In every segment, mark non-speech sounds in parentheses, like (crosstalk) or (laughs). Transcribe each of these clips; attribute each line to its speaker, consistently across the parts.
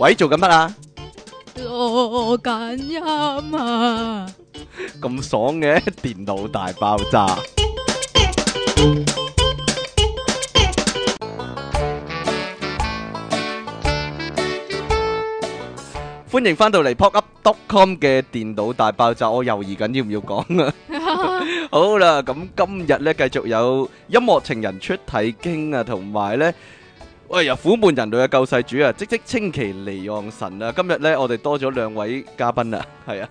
Speaker 1: 喂，做緊乜啊？
Speaker 2: 錄緊音啊！
Speaker 1: 咁爽嘅電腦大爆炸！歡迎翻到嚟 pokup.com 嘅電腦大爆炸，我猶豫緊要唔要講啊。好啦，咁今日咧繼續有音樂情人出體經啊，同埋咧。喂，又虎門人類嘅救世主啊！即即清淇離岸神啊！今日咧，我哋多咗兩位嘉賓啊，係啊，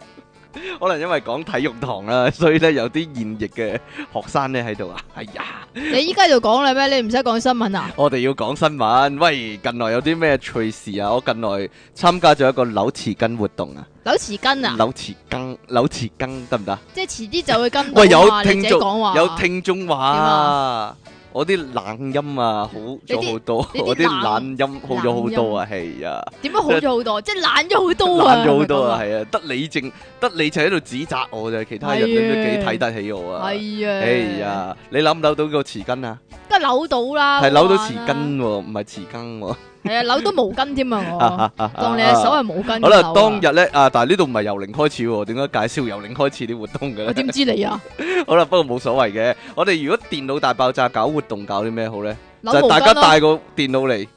Speaker 1: 可能因為講體育堂啦，所以咧有啲現役嘅學生咧喺度啊。哎呀，
Speaker 2: 你依家就講啦咩？你唔使講新聞啊？
Speaker 1: 我哋要講新聞。喂，近來有啲咩趣事啊？我近來參加咗一個扭匙羹活動啊。
Speaker 2: 扭匙羹啊？扭
Speaker 1: 匙羹，扭匙羹得唔得？
Speaker 2: 即係遲啲就會跟。喂，有聽眾，有聽
Speaker 1: 眾話。我啲懶音啊，好咗好多，懶我啲懶音好咗好多啊，係 (noise) 啊。點解好咗好
Speaker 2: 多？即係懶咗好多啊！懶咗好
Speaker 1: 多啊，係啊。得、啊、你淨得你就喺度指責我咋，其他人點都幾睇得起我啊。
Speaker 2: 係啊，哎
Speaker 1: 呀，啊、你扭唔扭到個匙羹啊？
Speaker 2: 得扭到啦。係扭到
Speaker 1: 匙羹喎，唔係匙羹喎。
Speaker 2: 係 (laughs) 啊，扭到毛巾添啊，我、啊、當、
Speaker 1: 啊、你手係毛巾。好啦，當日咧啊，但係呢度唔係由零開始，點解介紹由零開始啲活動嘅咧？我點知你啊？ (laughs)
Speaker 2: 好
Speaker 1: 啦，不過冇所謂嘅。我哋如果電腦大爆炸搞活動搞，搞啲咩好咧？就大家帶個電腦嚟。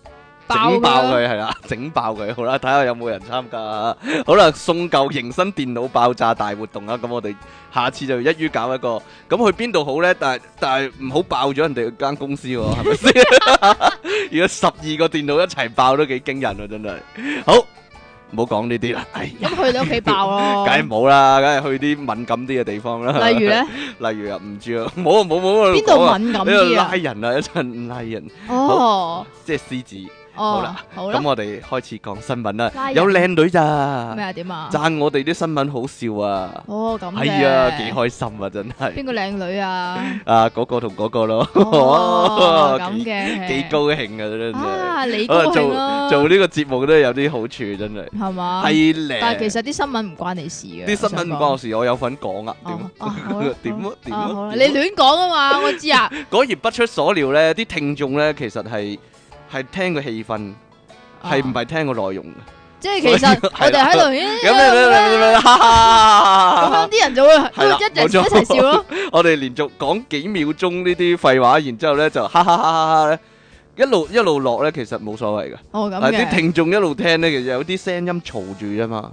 Speaker 1: 整爆佢，係啦，整爆佢好啦，睇下有冇人參加啊！好啦，送舊迎新電腦爆炸大活動啦，咁我哋下次就一於搞一個。咁去邊度好咧？但係但係唔好爆咗人哋間公司係咪先？如果十二個電腦一齊爆都幾驚人啊！真係好，唔好講呢啲啦。咁
Speaker 2: 去你屋企爆咯，梗係
Speaker 1: 冇啦，梗係去啲敏感啲嘅地方啦。例如咧？例如啊，唔知啊，冇冇冇，邊度敏感啲啊？拉人啊，一陣拉人哦，即係獅子。好啦，好啦，咁我哋開始講新聞啦。有靚女咋？咩啊？點啊？讚我哋啲新聞好笑啊！哦，咁係啊，幾開心啊！真係邊個靚女啊？啊，嗰個同嗰個咯。咁嘅幾高興啊！啊，你高興咯！做呢個節目都係有啲好處，真係係嘛？係靚。但係其
Speaker 2: 實啲新聞唔關你事嘅。啲新聞唔關我
Speaker 1: 事，我有份講啊？點？點？
Speaker 2: 你亂講啊嘛！我知啊。
Speaker 1: 果然不出所料咧，啲聽眾咧其實係。係聽個氣氛，係唔係聽個內容？即
Speaker 2: 係其實我哋喺度咁樣，啲人就會一齊笑咯。
Speaker 1: 我哋連續講幾秒鐘呢啲廢話，然之後咧就哈哈哈哈咧，一路一路落咧，其實冇所謂噶。哦，啲聽眾一路聽咧，其實有啲聲音嘈住啫嘛，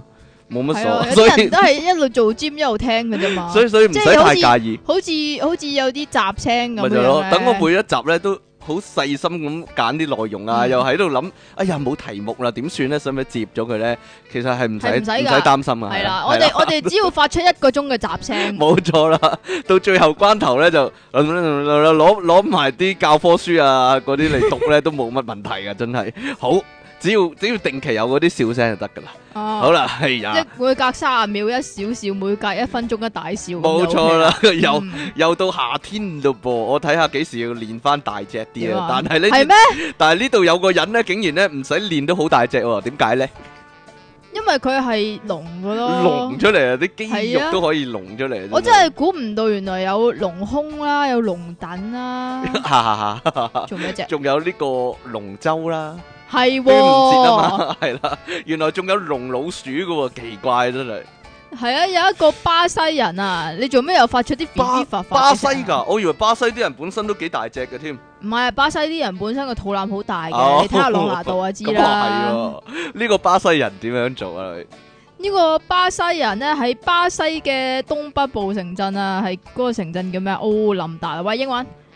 Speaker 1: 冇乜所謂。所以人都係
Speaker 2: 一路做 gym 一路聽噶啫嘛。所以所以唔使太介意。好似好似有啲雜聲咁樣咯。等我每
Speaker 1: 一集咧都，好細心咁揀啲內容啊，嗯、又喺度諗，哎呀冇題目啦，點算咧？使唔使接咗佢咧？其實係唔使唔使擔心啊！係啦，我哋們 (laughs) 我
Speaker 2: 哋只要發出一個鐘嘅雜聲，
Speaker 1: 冇 (laughs) 錯啦。到最後關頭咧，就攞攞埋啲教科書啊嗰啲嚟讀咧， (laughs) 都冇乜問題啊！真係好。只要只要定期有嗰啲笑聲就得噶啦。好啦，係呀，
Speaker 2: 每隔三十秒一小笑，每隔一分鐘一大笑。冇錯啦，
Speaker 1: 又又到夏天咯噃，我睇下幾時要練翻大隻啲啊！但係呢，但係呢度有個人呢，竟然呢唔使練都好大隻哦？點解呢？
Speaker 2: 因為佢係隆噶咯，隆
Speaker 1: 出嚟啊！啲肌肉都可以隆出嚟。我真係
Speaker 2: 估唔到，原來有隆胸啦，有龍躉啦，
Speaker 1: 哈哈哈！仲有呢個龍舟啦。
Speaker 2: 係喎，
Speaker 1: 係啦對、喔， (laughs) 原來仲有龍老鼠噶，奇怪真係。
Speaker 2: 係啊，有一個巴西人啊，你做咩又發出啲、啊？巴西
Speaker 1: 噶、啊，我以為巴西啲人本身都幾大隻嘅添。
Speaker 2: 唔係，巴西啲人本身個肚腩好大嘅、啊，你睇下朗拿度就知啦。
Speaker 1: 呢、那個啊、 (laughs) 個巴西人點樣做啊？
Speaker 2: 呢個巴西人咧喺巴西嘅東北部城鎮啊，啊，係嗰個城鎮叫咩？奧林達，喂，英文。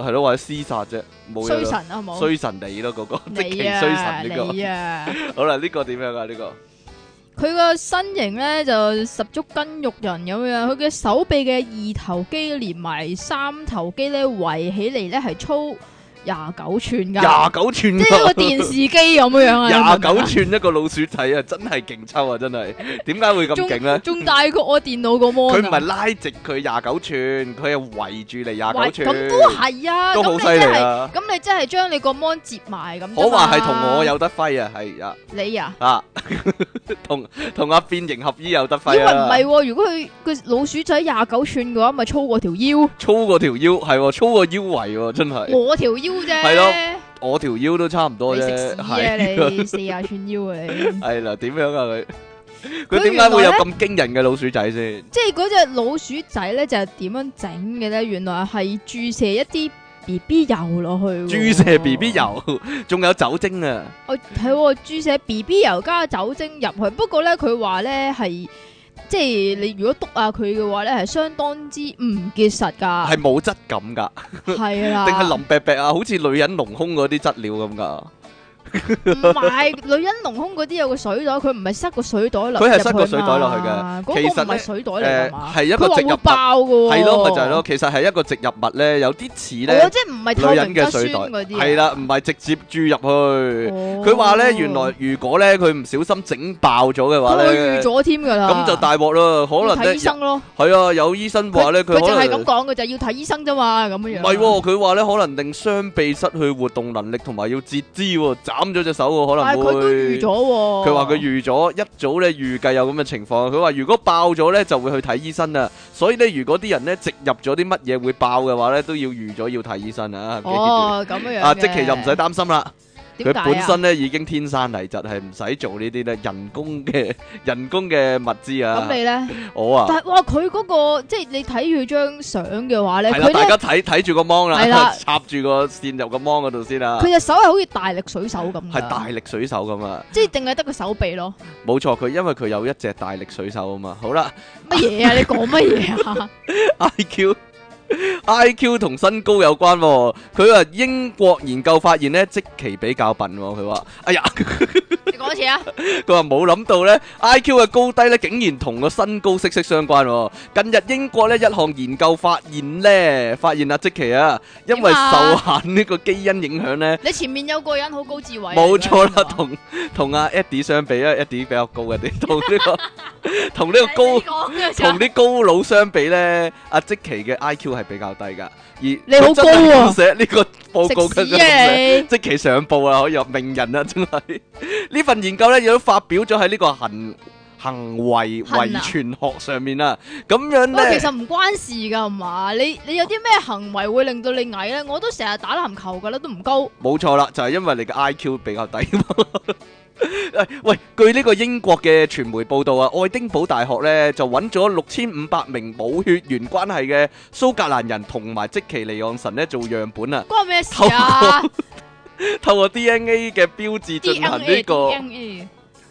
Speaker 1: 係咯，或者廝殺啫，冇衰神啊，冇衰神你咯、啊，嗰、 (laughs) 這個你係衰神呢個。好啦，呢個點樣噶？呢個
Speaker 2: 佢個身形咧就十足筋肉人咁樣，佢嘅手臂嘅二頭肌連埋三頭肌咧圍起嚟咧係粗。廿九寸噶，廿九
Speaker 1: 寸即係個電視機咁樣樣啊！廿九寸一個老鼠仔啊， (laughs) 真係勁抽啊！真係，點解會咁勁咧？仲
Speaker 2: 大過我電腦個芒，佢唔係拉
Speaker 1: 直佢廿九寸，佢係圍住你廿九寸，咁都係
Speaker 2: 啊！都好犀利啊！咁你真係，咁、啊、你即係將你個芒接埋咁、啊，可話係
Speaker 1: 同我有得揮啊！係啊，你啊，啊，同同阿變形合衣有得揮啊！以為
Speaker 2: 唔係，如果佢個老鼠仔廿九寸嘅話，咪粗過條腰，
Speaker 1: 粗過條腰係、哦，粗過腰圍、啊，真係我
Speaker 2: 條腰。係咯，
Speaker 1: 我條腰都差唔多啫，係是的 四
Speaker 2: 十寸腰嘅、
Speaker 1: 啊、你。係啦，點樣啊佢？
Speaker 2: 佢點解會有咁
Speaker 1: 驚人嘅老、老鼠仔先？
Speaker 2: 即係嗰隻老鼠仔咧，就係點樣整嘅咧？原來係注射一啲 B B 油落去。注射 B
Speaker 1: B 油，仲有酒精啊！
Speaker 2: 哦，係、哦、注射 B B 油加酒精入去。不過咧，佢話咧係。即係你如果篤下佢嘅話咧，係相當之唔結實㗎，係
Speaker 1: 冇質感㗎，係啦，定係腍啤啤啊，好似女人隆胸嗰啲質料咁㗎。
Speaker 2: 唔係，女人隆胸嗰啲有個水袋，佢唔係塞個水袋落。佢係塞個水袋落去嘅。其實唔係水袋，誒，係一個植入物，佢話會爆嘅。係咯，咪就係
Speaker 1: 咯。其實係一個植入物咧，有啲似咧。我即係
Speaker 2: 唔係女人嘅水袋嗰啲。係啦，
Speaker 1: 唔係直接注入去。佢話咧，原來如果咧，佢唔小心整爆咗嘅話，佢預咗添噶啦。咁就大鑊啦，可能睇醫生咯。係啊，有醫生話咧，佢佢就係咁講
Speaker 2: 嘅，就係要睇醫生啫嘛，咁樣樣。唔
Speaker 1: 係，佢話咧，可能令雙臂失去活動能力，同埋要截肢。砍咗隻手可能會。佢話佢預咗，哦，一早咧預計有咁嘅情況。佢話如果爆咗咧，就會去睇醫生啦。所以咧，如果啲人咧植入咗啲乜嘢會爆嘅話咧，都要預咗要睇醫生啊。哦，咁樣啊，即期就唔使擔心啦。佢本身咧已經天生泥質，係唔使做呢啲咧人工嘅人工嘅物資啊。咁你咧？我啊，但係
Speaker 2: 哇，佢嗰個即係你睇佢張相嘅話咧，係啦，大家
Speaker 1: 睇睇住個芒啦，係啦，插住個線入個芒嗰度先啦。佢隻
Speaker 2: 手係好似大力水手咁嘅，係大
Speaker 1: 力水手咁啊。
Speaker 2: 即係淨係得個手臂咯。
Speaker 1: 冇錯，佢因為佢有一隻大力水手啊嘛。好啦，乜嘢
Speaker 2: 啊？你講乜嘢
Speaker 1: 啊？IQ。I.Q 同身高有關，佢話，英國研究發現咧，積淇比較笨。佢話，哎呀，你講多次啊！佢話冇諗到咧，I.Q 嘅高低咧，竟然同個身高息息相關。近日英國呢一項研究發現咧，發現啊，積淇啊，因為受限呢個基因影響咧，你
Speaker 2: 前面有個人好高智慧，冇
Speaker 1: 錯啦，同同阿 Eddie 相比啊，Eddie 比較高嘅，同呢個同呢個高同啲高佬相比咧，阿積淇嘅 I.Q 係。係比較低㗎，而你好高寫、啊、呢、啊、個報告嘅屎、啊、即其上報啊，可以話名人啊，真係呢 (laughs) 份研究咧，亦都發表咗喺呢個行《恒》。行為遺傳學上面啊，咁樣咧，其實
Speaker 2: 唔關事噶，係嘛？你你有啲咩行為會令到你矮呢？我都成日打籃球噶啦，都唔高。
Speaker 1: 冇錯啦，就係、是、因為你嘅 IQ 比較低、 (laughs) 哎。喂，據呢個英國嘅傳媒報道啊，愛丁堡大學呢就揾咗六千五百名冇血緣關係嘅蘇格蘭人同埋積淇離岸神呢做樣本啊，關
Speaker 2: 咩事啊？透過、
Speaker 1: 過 DNA 嘅標誌進行呢、這個。DNA, DNA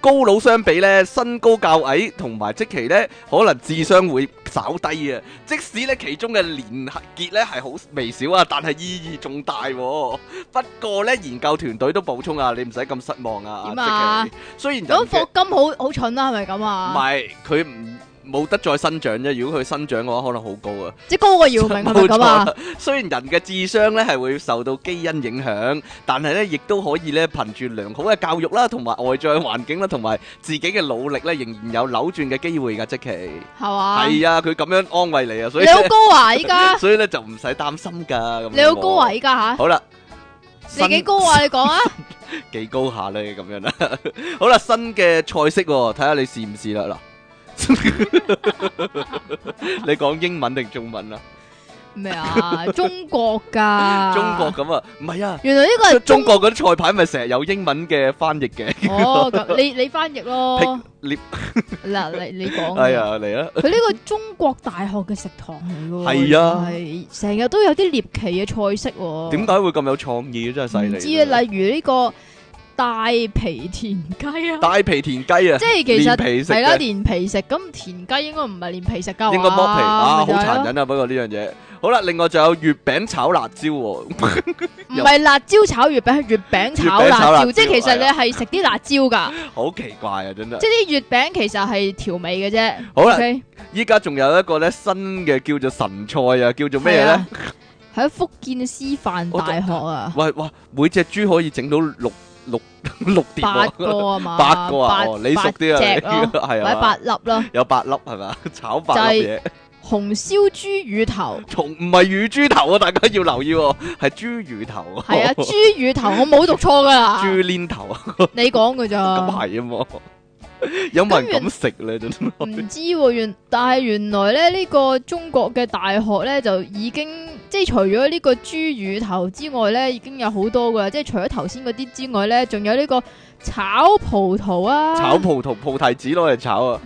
Speaker 1: 高佬相比呢身高較矮奇，同埋積淇呢可能智商會稍低啊。即使呢其中嘅連結呢係好微小啊，但係意義重大啊。不過呢研究團隊都補充啊，你唔使咁失望啊。點啊？積淇，雖然
Speaker 2: 霍金好好蠢啊，係咪咁啊？唔
Speaker 1: 係，佢唔。冇得再生長啫，如果佢生長嘅話，可能好高啊！
Speaker 2: 即係高過姚明咁啊！
Speaker 1: 雖然人嘅智商咧係會受到基因影響，但係咧亦都可以咧憑住良好嘅教育啦，同埋外在環境啦，同埋自己嘅努力咧，仍然有扭轉嘅機會噶，即其係嘛？係啊，佢咁樣安慰你啊！所以你好高啊，依家所以咧就唔使擔心噶。你好高啊，依家吓好啦，你
Speaker 2: 幾高啊？你講
Speaker 1: 啊，幾高下咧？咁樣啦，好啦，新嘅菜式，睇下你試唔試啦嗱。你講英文定中文啊？
Speaker 2: 咩啊？中國噶？中國
Speaker 1: 咁啊？唔係啊？原來呢個係中國嗰啲菜牌咪成日有英文嘅翻譯嘅。哦，咁你
Speaker 2: 你翻譯咯。獵嗱，你你講。
Speaker 1: 係啊，嚟啊！佢呢個
Speaker 2: 中國大學嘅食堂嚟噶。係啊，係成日都有啲獵奇嘅菜式。點
Speaker 1: 解會咁有創意嘅？真係犀利。
Speaker 2: 啊，例如呢個。大皮田雞啊！大
Speaker 1: 皮，皮田雞啊！即係其實係啦，連
Speaker 2: 皮食咁田雞應該唔係連皮食噶，應該剝皮啊，好殘忍
Speaker 1: 啊！不過呢樣嘢好啦，另外仲有月餅炒、啊、 (laughs) 炒，炒辣椒，唔係
Speaker 2: 辣椒炒月餅，係月餅炒辣椒。 (laughs) 即係其實你係食啲辣椒噶，
Speaker 1: (laughs) 好奇怪啊！真係，即係啲
Speaker 2: 月餅其實係調味嘅啫。好啦，
Speaker 1: 依家仲有一個咧新嘅叫做神菜啊，叫做咩嘢咧？
Speaker 2: 喺、啊、福建師範大學啊！
Speaker 1: 喂， (laughs) 哇，每隻豬可以整到六。六六碟、啊、八個啊嘛，八個啊，你熟啲啊，係啊，買 (laughs) 是八粒咯，有八粒係咪？炒八粒嘢，就
Speaker 2: 係紅燒豬魚頭，從
Speaker 1: 唔係魚豬頭啊，大家要留意、啊，係豬魚頭，係 (laughs) 啊，豬
Speaker 2: 魚頭，我冇讀錯噶啦，豬
Speaker 1: 鏈拈頭 (laughs)
Speaker 2: 你講噶咋，咁
Speaker 1: 係啊嘛，有冇人敢食咧？唔 (laughs)
Speaker 2: 知喎、啊，原但係原來咧呢個中國嘅大學咧就已經。即係除咗呢個豬魚頭之外咧，已經有好多噶啦！即係除咗頭先嗰啲之外咧，仲有呢個炒葡萄啊，炒葡
Speaker 1: 萄、葡提子攞嚟炒
Speaker 2: 啊，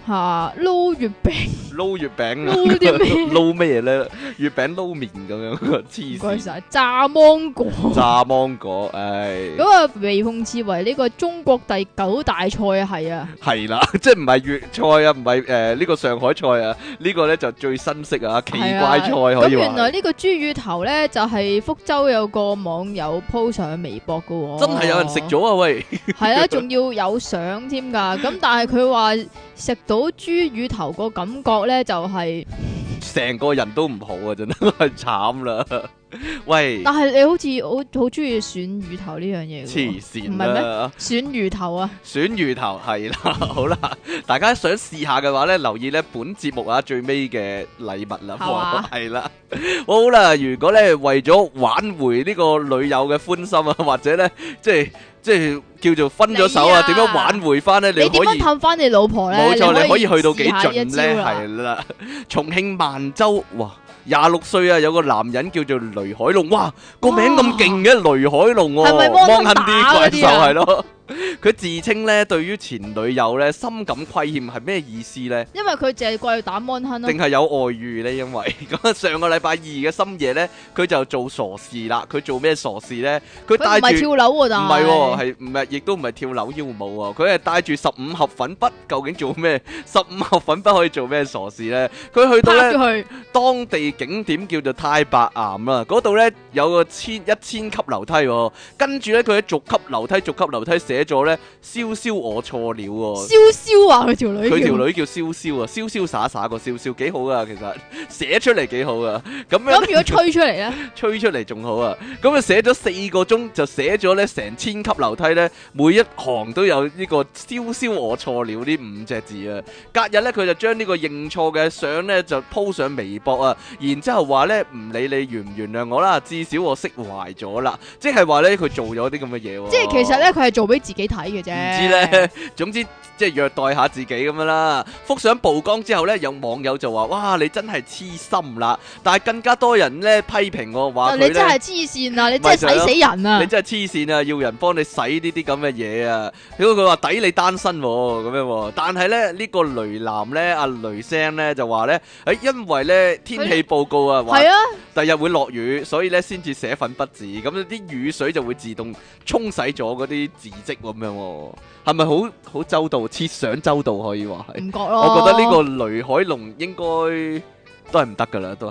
Speaker 2: 嚇撈月餅，
Speaker 1: 撈月餅，撈啲咩、啊？撈咩咧？月餅撈麵咁樣、啊，黐
Speaker 2: 線！炸芒果， (laughs)
Speaker 1: 炸芒果，唉、 (laughs) 啊！咁
Speaker 2: 被奉稱為呢個中國第九大菜啊，係啊，
Speaker 1: 係啦，即係唔係粵菜啊？唔係誒呢個上海菜啊？呢、呢個咧就最新式啊，奇怪菜可以話原來
Speaker 2: 呢個豬魚。頭呢就係、是、福州有個網友 po 上微博噶、哦，真係有人食
Speaker 1: 咗啊喂！
Speaker 2: 係 (laughs) 啦、啊，仲要有相添噶，咁但係佢話食到豬乳頭個感覺呢，就係、
Speaker 1: 是、成個人都唔好啊，真係慘啦。 (laughs) 喂，但係
Speaker 2: 你好似好好中意選魚頭呢樣嘢。黐
Speaker 1: 線啦，唔係咩，
Speaker 2: 選魚頭啊，
Speaker 1: 選魚頭係啦，好啦，大家想試下嘅話咧，留意咧本節目啊最尾嘅禮物啦，係啦嗎，好啦，如果咧為咗挽回呢個女友嘅歡心啊，或者咧即係即係叫做分咗手啊，點樣挽回翻咧？你，你可以氹
Speaker 2: 翻你，你老婆咧？冇錯，你可以去到幾盡咧？係
Speaker 1: 啦，重慶萬州哇！哇廿六歲啊，有個男人叫做雷海龍，哇，個名咁勁嘅雷海龍、啊，望下啲鬼就係咯。佢自稱咧，對於前女友咧，深感虧欠係咩意思咧？
Speaker 2: 因為佢淨係過嚟打 monken 咯，定係
Speaker 1: 有外遇咧？因為咁上個禮拜二嘅深夜咧，佢就做傻事啦。佢做咩傻事咧？佢唔係跳樓喎，但係唔係，係唔係亦都唔係跳樓要舞啊？佢係帶住十五盒粉筆，究竟做咩？十五盒粉筆可以做咩傻事咧？佢去到當地景點叫做太白岩啦，嗰度咧有個千一千級樓梯，跟住咧佢喺逐級樓梯，逐級樓梯成。寫咗咧，瀟瀟我錯了、哦。瀟
Speaker 2: 瀟啊，佢條女，佢條女
Speaker 1: 叫瀟瀟啊，瀟瀟灑灑個瀟瀟幾好啊，其實寫出嚟幾好啊。咁樣咁、嗯、如果吹出嚟咧，吹出嚟仲好啊。咁啊寫咗四個鐘就寫咗咧成千級樓梯咧，每一行都有呢、這個瀟瀟我錯了呢五隻字啊。隔日咧佢就將呢個認錯嘅相咧就鋪上微博啊，然之後話咧唔理你原唔原諒我啦，至少我釋懷咗啦，即係話咧佢做咗啲咁嘅嘢。即係其實
Speaker 2: 咧佢係做俾。自己睇嘅啫，唔知咧。
Speaker 1: 總之即係虐待下自己咁樣啦。幅相曝光之後咧，有網友就話，哇，你真係痴心啦！但係更加多人咧批評我話，你真係
Speaker 2: 黐綫啊！你真係洗死人啊！你
Speaker 1: 真係黐綫啊！要人幫你洗呢啲咁嘅嘢啊！結果佢話抵你單身咁樣。但係咧呢個雷男咧阿雷聲咧就話咧，誒，因為咧天氣報告啊，係啊，第日會落雨，所以咧先至寫粉筆字，咁啲雨水就會自動沖洗咗嗰啲字跡。咁樣係咪好好周到？設想周到可以話係。唔覺咯。我覺得呢個雷海龍應該都係唔得噶啦，都唔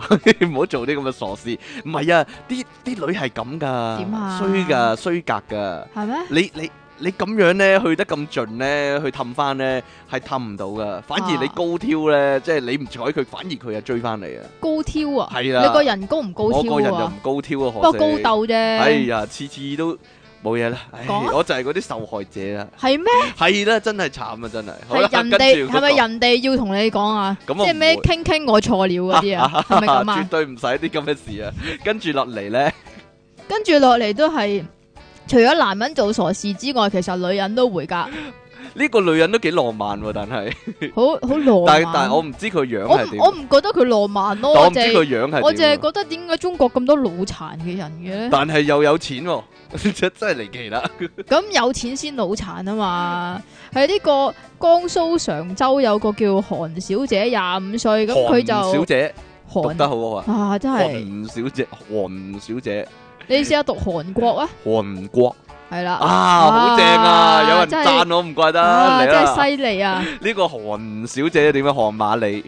Speaker 1: 好 (laughs) 做啲咁嘅傻事。唔係啊，啲啲女係咁噶，點啊？衰噶衰格噶。係咩嗎？你你你咁樣咧，去得咁盡咧，去氹翻咧，係氹唔到噶。反而你高挑咧，啊、即係你唔睬佢，反而佢就追翻你啊。
Speaker 2: 高挑啊？係啊！你個人高唔高挑啊？我個人又唔
Speaker 1: 高挑啊，不過高竇啫。哎呀，次次都。冇嘢啦，我就係嗰啲受害者啦。係咩？係啦，真係慘啊，真係。係人哋係咪
Speaker 2: 人哋要同你講啊？
Speaker 1: 即係咩？
Speaker 2: 傾傾我錯了嗰啲啊？係咪咁啊？絕
Speaker 1: 對唔使啲咁嘅事啊！跟住落嚟咧，
Speaker 2: 跟住落嚟都係除咗男人做傻事之外，其實女人都會噶。
Speaker 1: 呢個女人都幾浪漫喎，但係好好浪漫。但係我唔知佢樣。我唔
Speaker 2: 覺得佢浪漫咯。我唔知佢樣係點。我淨係覺得點解中國咁多腦殘嘅人嘅咧？但
Speaker 1: 係又有錢。真真係離奇啦！
Speaker 2: 咁有錢先腦殘啊嘛，喺呢個江蘇常州有個叫韓小姐廿五歲，咁佢就韓小姐
Speaker 1: 讀得好啊，啊真係韓小姐韓小姐，
Speaker 2: 你試下讀韓國啊，
Speaker 1: 韓國
Speaker 2: 係啦，啊好正啊，有人讚我
Speaker 1: 唔怪得，真係犀利啊！呢個韓小姐點樣？韓瑪麗？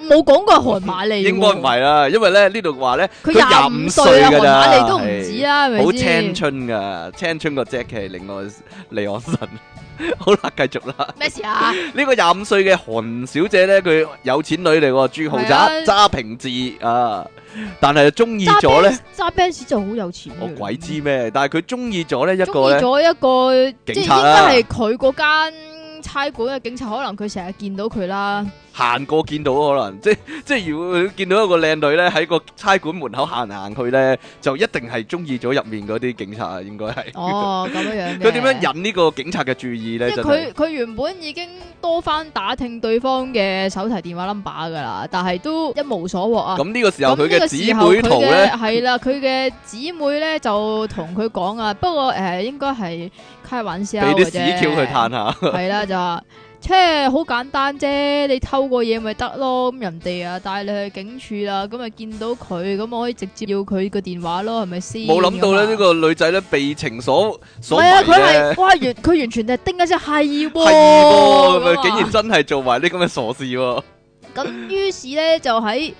Speaker 2: 冇講過韓瑪麗，應該唔
Speaker 1: 係啦，因為咧呢度話咧佢廿五歲啊，韓瑪麗都唔止啦，好是青春噶，青春個 Jackie 離岸離岸神。 (laughs) 好啦，繼續啦。
Speaker 2: 咩事啊？
Speaker 1: 呢 (laughs) 個廿五歲嘅韓小姐咧，佢有錢女嚟喎，朱豪宅，揸、啊、平治啊，但係中意咗咧，
Speaker 2: 揸 Benz 就好有錢。我
Speaker 1: 鬼知咩？但係佢中意咗咧一個咧，中意
Speaker 2: 咗一個警察啦。應該係佢嗰間。差館嘅警察可能佢成日見到佢啦，
Speaker 1: 行過見到可能，即係，即係如果見到一個靚女咧喺個差館門口行行去咧，就一定係中意咗入面嗰啲警察啊，應該係。哦，咁樣樣。佢點 (laughs) 樣引呢個警察嘅注意咧？即佢、佢、
Speaker 2: 就是、原本已經多番打聽對方嘅手提電話 number 噶啦，但係都一無所獲啊。咁呢個時候佢嘅姊妹圖咧，係啦，佢嘅 (laughs) 姊妹咧就同佢講啊， (laughs) 不過誒、呃，應該係。俾啲屎橋去嘆
Speaker 1: 下，係 (laughs) 啦
Speaker 2: 就，即係好簡單啫，你偷過嘢咪得咯，咁人哋啊帶你去警署啦，咁咪見到佢，咁我可以直接要佢個電話咯，係咪先？冇諗到咧，
Speaker 1: 呢 (laughs) 個女仔咧被情所所佢咧、 (laughs) 啊。哇，
Speaker 2: 完佢完全就係叮一聲係，係喎，竟然
Speaker 1: 真係做埋啲咁嘅傻事、啊。
Speaker 2: 咁 (laughs) 於是咧就喺。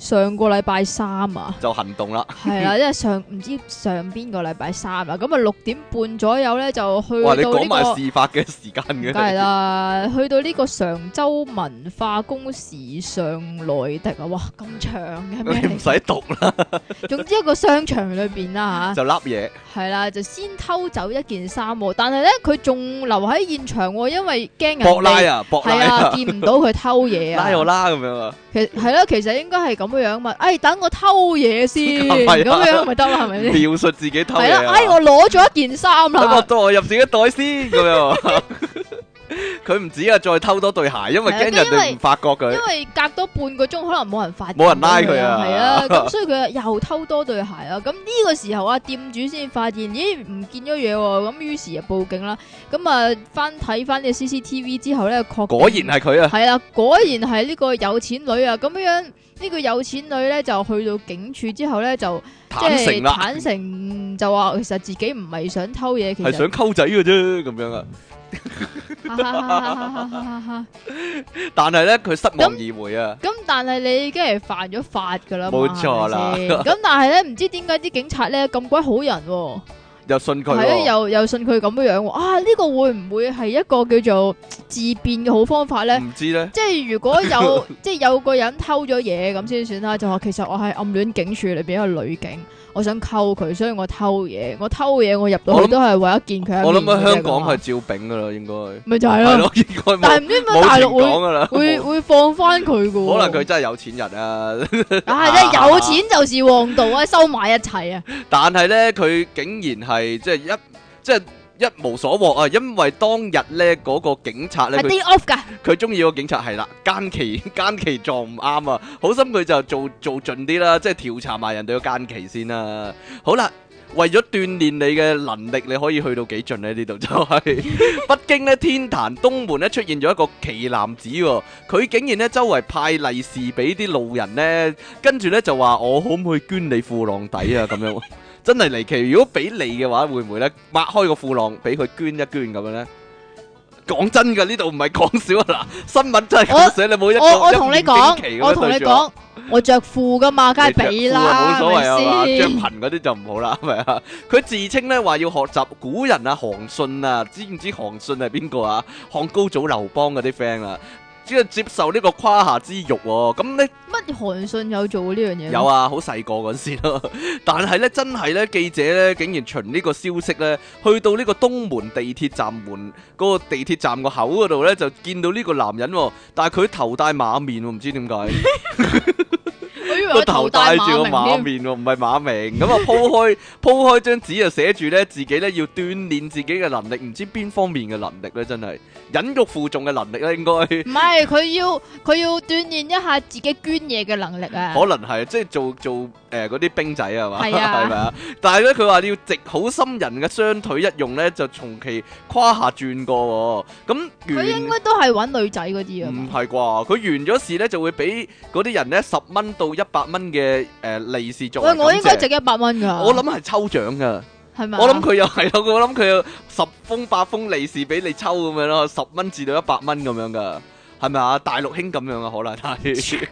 Speaker 2: 上個禮拜三啊，
Speaker 1: 就行動啦。
Speaker 2: 係啊，因為上唔知上邊個禮拜三啊，咁啊六點半左右咧就去到、呢個、你講埋事
Speaker 1: 發嘅時間嘅、啊。梗係啦，
Speaker 2: 去到呢個常州文化宮時尚萊迪啊，哇，咁長嘅、啊。你唔
Speaker 1: 使讀啦。
Speaker 2: 總之一個商場裏邊啦嚇。 (laughs) 就
Speaker 1: 笠嘢。
Speaker 2: 係啦、啊，就先偷走一件衫，但係咧佢仲留喺現場喎、啊，因為驚人哋。博拉啊，博拉啊。啊，見唔到佢偷嘢啊。 (laughs) 拉又拉咁樣啊。其實係咯，其實應該係咁樣嘛。哎，等我偷嘢先，咁、 (laughs) 啊、樣咪得啦，係咪先？
Speaker 1: 描述自己偷嘢啊！哎，我攞
Speaker 2: 咗一件衫啦，等我
Speaker 1: 袋入自己袋先咁 (laughs) 這樣。 (laughs) 佢唔止啊，再偷多對鞋，因為驚人哋唔發覺佢，因
Speaker 2: 為隔多半個鐘可能冇人發，冇人拉佢啊，啊。係啊，咁所以佢又偷多對鞋啊。咁呢個時候啊，店主先發現，咦，唔見咗嘢喎。咁於是就報警啦。咁啊，翻睇翻啲 CCTV 之後咧，確，果然係佢啊。係啦，果然係呢個有錢女啊。咁樣樣，呢個有錢女咧就去到警署之後咧就即係坦誠啦，坦誠就話其實自己唔係想偷嘢，其實係想
Speaker 1: 溝仔嘅啫，咁樣啊。但係咧，佢失望而回啊！
Speaker 2: 咁但係你已經係犯咗法噶啦，冇錯啦。咁但係咧，唔知點解啲警察咧咁鬼好人，
Speaker 1: 又信佢，係啊，又
Speaker 2: 又信佢咁樣樣啊！呢個會唔會係一個叫做自辯嘅好方法咧？唔知咧。即係如果有，即係有個人偷咗嘢，咁先算啦。就話其實我係暗戀警署裏邊一個女警。我想溝佢，所以我偷嘢。我偷嘢，我入到去都係為咗見佢。我諗喺香港係
Speaker 1: 照炳噶啦，應該。咪就係咯，但係唔知點解大陸會會
Speaker 2: 會放翻佢噶。可能佢
Speaker 1: 真係有錢人啊！ (laughs) 啊，真係有錢
Speaker 2: 就是王道啊！收埋一齊啊！ (laughs)
Speaker 1: 但係咧，佢竟然係即係一即係。一無所獲啊！因為當日咧嗰個警察咧，佢中意個警察係啦，奸奇奸奇撞唔啱啊！好心佢就做做盡啲啦，即係調查埋人哋個奸奇先啦。好啦，為咗鍛鍊你嘅能力，你可以去到幾盡咧？呢度就係北京咧，天壇東門咧出現咗一個奇男子喎，佢竟然咧周圍派利是俾啲路人咧，跟住咧就話我可唔可以捐你褲浪底啊？咁樣。真係離奇，如果俾你嘅話，會唔會咧？擘開個褲浪俾佢捐一捐咁樣咧？講真嘅，呢度唔係講笑啊！嗱，新聞真係咁寫，我我你冇一講，我同你講，我同你講，
Speaker 2: 我着褲噶嘛，梗係俾啦，冇所謂呀嘛？着裙
Speaker 1: 嗰啲就唔好啦，係咪啊？佢自稱咧話要學習古人啊，韓信啊，知唔知韓信係邊個啊？漢高祖劉邦嗰啲 friend 啦。只係接受呢個胯下之辱喎、啊，咁咧
Speaker 2: 乜韓信有做過呢樣嘢？有啊，
Speaker 1: 好細個嗰陣時咯、啊。但係呢，真係呢記者呢，竟然循呢個消息呢，去到呢個東門地鐵站門嗰、嗰個地鐵站個口嗰度呢，就見到呢個男人、啊，但係佢頭戴馬面喎、啊，唔知點解。 (laughs) (laughs) 個頭戴住個馬面喎，唔係 (laughs) 馬明咁啊！鋪開鋪 (laughs) 開張紙就寫住咧，自己咧要鍛煉自己嘅能力，唔知邊方面嘅能力咧，真係忍辱負重嘅能力咧，應該唔
Speaker 2: 係佢要佢要鍛煉一下自己捐嘢嘅能力啊，可
Speaker 1: 能係即係做做。做誒嗰啲兵仔係嘛，係咪是啊？但係咧，佢話要值好心人嘅雙腿一用咧，就從其胯下轉過。咁佢應該
Speaker 2: 都係揾女仔嗰啲啊？唔
Speaker 1: 係啩？佢完咗事咧，就會俾嗰啲人咧十蚊到一百蚊嘅誒利是作為。呃、喂，我應該值一百蚊㗎吧。我諗係抽獎㗎。係咪？我諗佢又係咯，我諗佢有十封八封利是俾你抽咁樣咯，十蚊至到一百蚊咁樣㗎。係咪啊？大陸兄咁樣啊，可能係。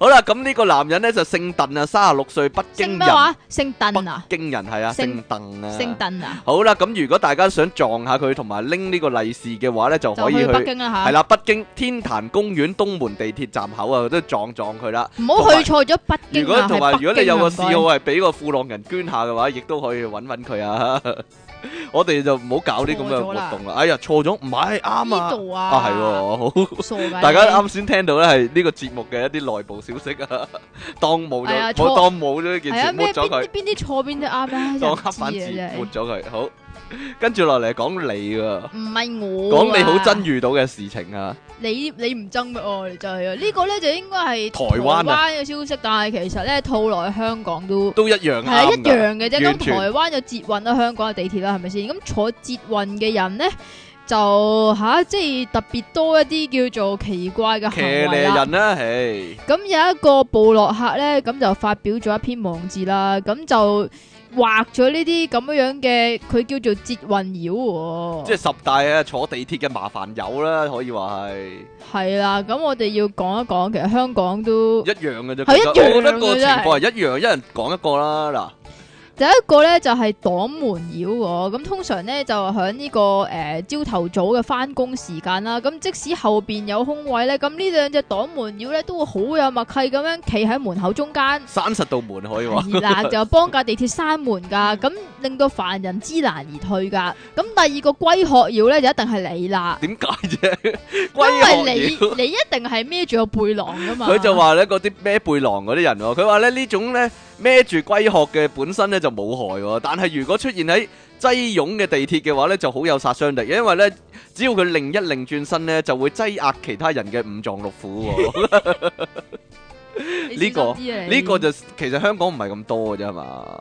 Speaker 1: 好啦，咁呢個男人呢就姓鄧啊，三十六歲，北京人。姓咩話？
Speaker 2: 姓鄧啊。北
Speaker 1: 京人係啊。姓鄧啊。姓鄧啊。好啦，咁如果大家想撞下佢同埋拎呢個利是嘅話呢，就可以去。就去北京啊嚇。係啦，北京天壇公園東門地鐵站口啊，都撞撞佢啦。唔好去
Speaker 2: 錯咗北京啊！如果同埋如果你有個嗜好
Speaker 1: 係俾個富浪人捐下嘅話，亦都可以揾揾佢啊。我哋就唔好搞啲咁嘅活動啦。錯啊、哎呀，錯咗唔係啱啊！啊係，好， (laughs) 大家啱先聽到咧，係呢個節目嘅一啲內部消息啊 (laughs) 了、哎，當冇咗，我當冇咗呢件事，抹咗佢。
Speaker 2: 邊啲錯，邊啲啱咧？ (laughs) 當黑板哪字，啊，抹
Speaker 1: 咗佢，好。跟住落嚟講你噶，
Speaker 2: 唔係我講、啊、你好真
Speaker 1: 遇到嘅事情啊！
Speaker 2: 你你唔真我哦、這個，就係啊呢個咧就應該係台灣嘅消息，啊、但係其實咧套落香港都都一樣係全啊，一樣嘅啫。咁台灣有捷運啦，香港嘅地鐵啦，係咪先？咁坐捷運嘅人咧就吓，即係特別多一啲叫做奇怪嘅行為人啦、
Speaker 1: 啊。
Speaker 2: 咁有一個部落客咧，咁就發表咗一篇網誌啦，咁就。畫咗呢啲咁樣嘅，佢叫做捷運繞，
Speaker 1: 即係十大嘅坐地鐵嘅麻煩友啦，可以話係。
Speaker 2: 係啦、啊，咁我哋要講一講，其實香港都
Speaker 1: 一樣嘅啫，係一樣嘅啫。的我覺得個情況係一樣，一人講一個啦嗱。
Speaker 2: 第一個咧就係、是、擋門妖，咁通常咧就喺呢、這個誒朝頭早嘅翻工時間啦。咁即使後邊有空位咧，咁呢兩隻擋門妖咧都會好有默契咁樣企喺門口中間。三
Speaker 1: 十度門可以話。嗱， (laughs) 就
Speaker 2: 幫架地鐵閂門噶，咁令到凡人知難而退噶。咁第二個龜殼妖咧就一定係你啦。
Speaker 1: 點解啫？ (laughs) 殼繞
Speaker 2: 因為你你一定係孭住個背囊噶嘛。佢就話
Speaker 1: 咧嗰啲孭背囊嗰啲人，佢話咧呢種咧。孭住龜殼嘅本身咧就冇害喎，但係如果出現喺擠擁嘅地鐵嘅話咧，就好有殺傷力，因為咧只要佢擰一擰轉身咧，就會擠壓其他人嘅五臟六腑喎。呢、
Speaker 2: 呢個呢你、呢個呢個就
Speaker 1: 其實香港唔係咁多嘅啫嘛。